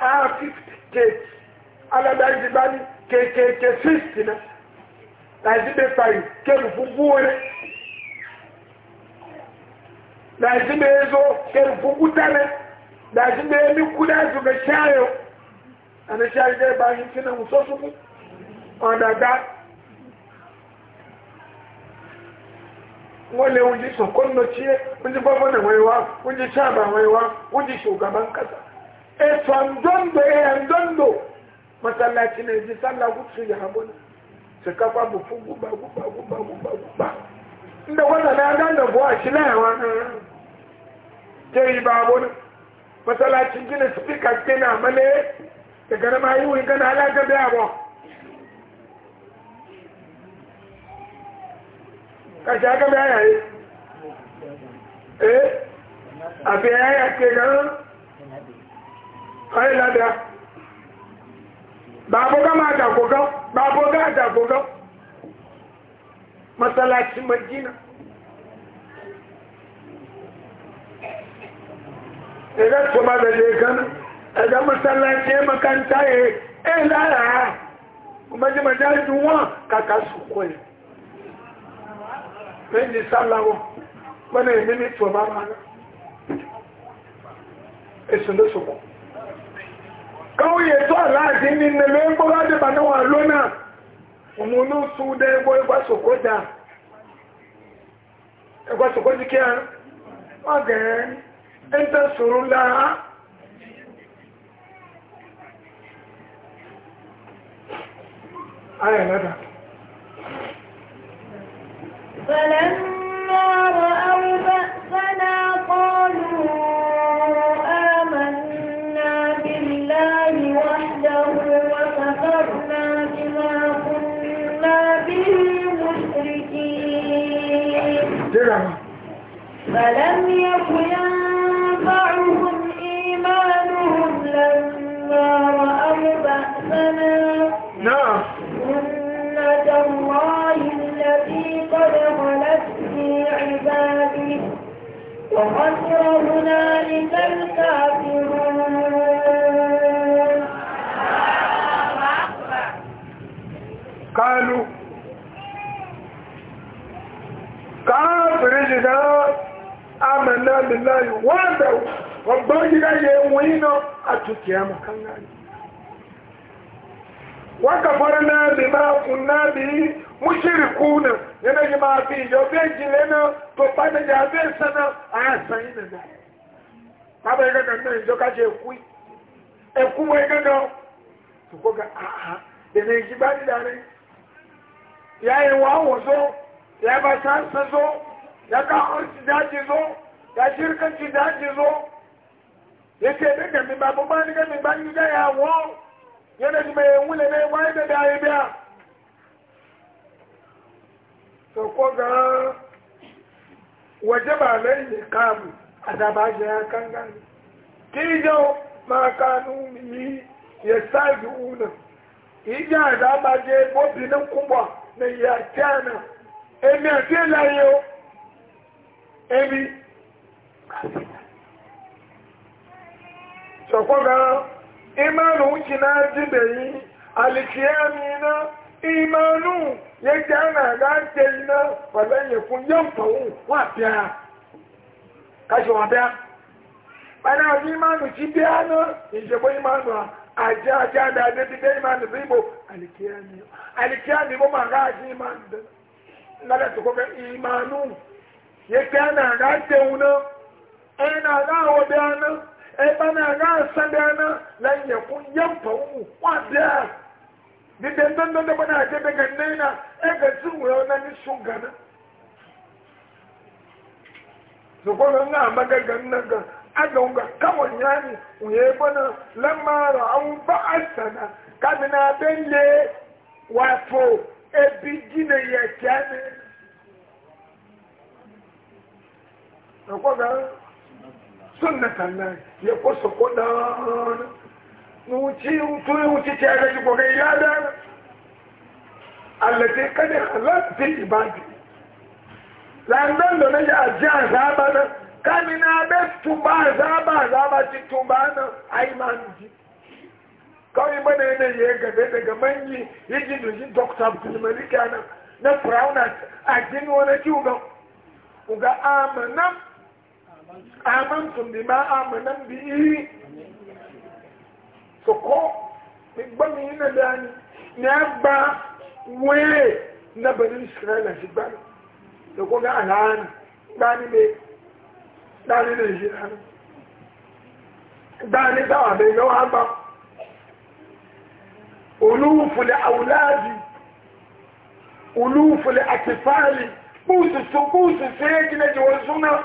arctic ah, states ke ke ke ke na laji be payi kedu fugu wani laji be ezo kedu fugu tare laji be emi kuda su ana shayi ga ba shi kina muso su mu ọdada wọ́n lè ụdị jí sọ̀kọ́ ń lọ sí ẹ́ wọ́n jí ụdị efan dondo eyan dondo masallaci na ji sallah kutu ya hamuna su kafa bufu guba guba guba guba guba inda wanda na dan da buwa shi ya yawa ke yi babu ne gina spika ke na male daga na ingana yi gana alaƙa da aga kashi aka bayaye eh a ya ke ganin ayi lada baabo ga ma da ko ga baabo ga da ko ga masalaci madina idan kuma da je kan idan masalaci makanta ya e lara kuma ji majajin wa kaka su koyi ɗin sallawo mana yi mini tuwa ba ma na esu da su kawo ya to alhajin din na loyin gboga da ba na walo na umunu otu da egbo goyi gwaso koda ya gwaso koda kiya oge in ta suru la aya nada فلما رأوا بأسنا فلم يكن ينفعهم إيمانهم لما رأوا بأسنا نعم سنة الله التي قد خلت في عباده وخسر هنالك الكافرون قالوا كافر جدا amana lillahi wanda babban gida ya yi wani nan a tukiya makan gani waka fara na lima kunna bi mushiriku na yana yi ma fi yau bai jile na to ya bai sana a ya sanyi na na baba ya gaga nan yau kaje ekui eku wai gaga su ko ga a'a da na yi ba da ne ya yi wa wazo ya ba sa sa zo da kawarci daji zo da shirkanci daji zo ya ce da gami ba bu ba ni gami ba ni da ya wo yana ji mai wule ne wai da da ya biya to ko ga waje ba lai ne kamu a da ya kan gani ki jau ma kanu yi ya sa ji una ija da ba je bobi na ya kyana emi a ce layo ebi sọkwaga imanu uchi na-adịbeghị alikiyami na imanu yake ana ga-adịghị na wazanyekwu yamfawu wapịa kashi wapịa ana abin imanu ci biya na ijebo imanu a aji aji ada adịbide imanu bụ igbo alikiyami alikiyami bụ ma ga-aji imanu na lati imanu yake ana na aga ana ga wadana ebe na ga e na lan yakun yanfa mu kwada didan dan dan bana ndị daga nena e ga tsuwo na ni shugana so na ga aga nga kawon na uye bana lamma ra'u ba'asana kamina benle wafo ebi na e ya sọ̀kọ́ gan sọ́nà kàná yẹ kó sọ̀kọ́ dáná wọ́n ti tó wọ́n ti tẹ́ ẹgbẹ́ ìgbọ̀gẹ́ ìyá dáná alẹ́tẹ́ kẹ́lẹ́ aláàtì ìbàdì làǹdán lọ́nà yà jẹ́ àzáàbá náà kámi náà bẹ́ túnbà àzáàbá àzáàbá ti túnbà náà ayé máa ń jí kawai mana yanayi gabe daga manyi ya ji da jin dokta آمنتم بما آمنا به فكو مبني نداني نبا وي نبني إسرائيل نجبان لكو نعلان داني مي داني نجيران داني دعبي نو عبا ألوف لأولادي ألوف لأكفالي بوزي سو بوزي سيكنا جوزونا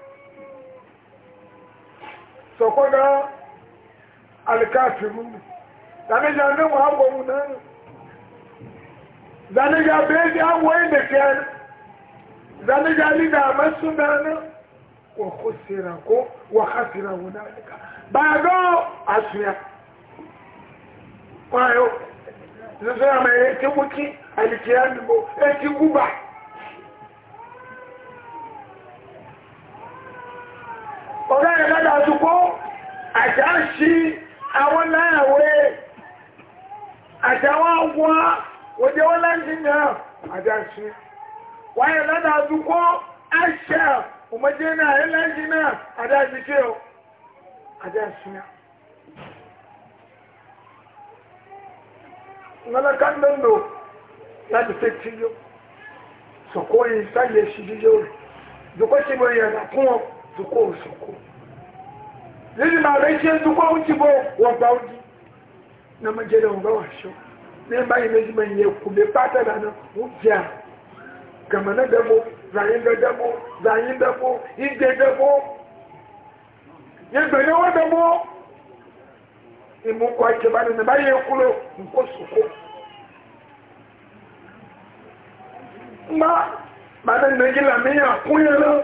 sokoga alkafirun zane jami'in wa agwamu na zane jabirai da agwayin da fiyar zane jali da masu dana wa kusura ko wa hasira wuna alka ba ga ọ̀rẹ́ rẹ̀ lọ́dọ̀ ọdúnkó àjáṣí àwọn láàwẹ́ àjáwọn wọ́n òdé wọ́n láti náà àjáṣí wáyé lọ́dọ̀ ọdúnkó àṣà òmọdé náà ẹlẹ́jì náà àjáṣí tí ó àjáṣí náà nalakan dondo láti fẹ́ tí yóò sọ̀kọ́ yìí sáyẹ̀ sí zuko zuko lili mareje zuko ujibo wagba uji na majere wagba washo ne ba ile jima ye kube pata dana ujia kama na demo zayin da demo zayin demo inde demo ye gbere wa demo imu kwa ikebani na ba ye kulo nko suko ma ba na nagila meya kunyere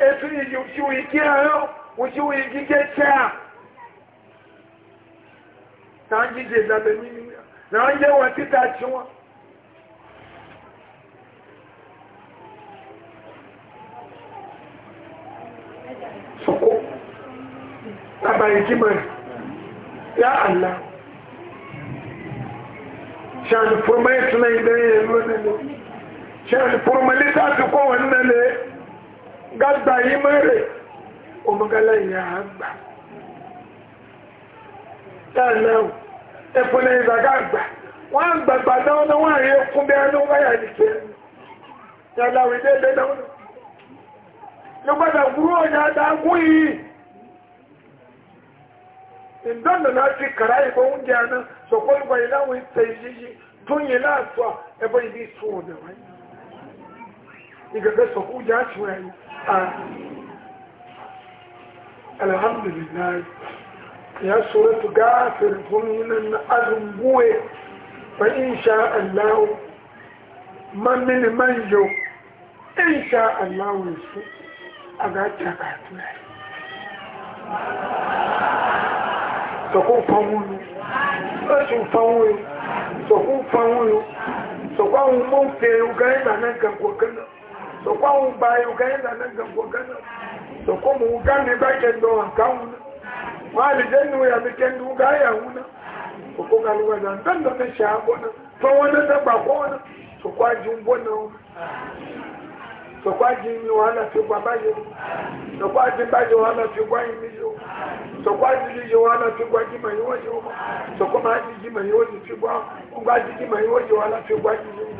efiri wusi wo igi ayo wusi wo igi kẹsẹ náà jíjẹ lábẹ mímí náà yẹ wọn títà tí wọn. sọkó abayé jí mọ ya àlá ṣàlùfọ́mọ́ ẹ̀sìn náà yìí lẹ́yìn ẹ̀rọ nílé ṣàlùfọ́mọ́ lẹ́sàtúkọ̀ wọn nílé. gágbà yí mẹ́rẹ̀ omugala ìyá àgbà dáná ẹ̀fọ́nà ìzàgá àgbà wọ́n àgbàgbà náà náà wọ́n àyè kún bí ẹnu wáyà nìkẹ́ yàláwì déédéé náà lọ́gbàdà gúrú ọ̀yà dágún yìí ìdánù láti kàrá ìbọn oúnjẹ àná sọ̀kọ́ ìgbà ìláwọ̀ ìtẹ̀ ìṣíṣí tún yìí láàtọ̀ ẹ̀bọ́ ìgẹ̀gẹ̀ sọ̀kọ́ oúnjẹ alhamdulillah ya suratu gafir guminan azun buwe fa insha Allah man mini manjo insha Allah su a gata katuna sọkún fanwúlu ẹsùn fanwúlu sọkún fanwúlu sọkún àwọn mọ́ fẹ́ ọgá ìgbà náà gàgbọ̀gánà so kwa umbaye ukaenda nanga mgongana so kwa muungane bake ndo akauna mali jenu ya mikendu ungaya una ukunga luga na ntanda mesha abona pawana taba kona so kwa na, una so kwa jimi wala figwa baje so kwa jimbaje wala figwa imijo so kwa jilije wala figwa jima yoje so kwa maji jima yoje figwa unga jima yoje wala figwa jima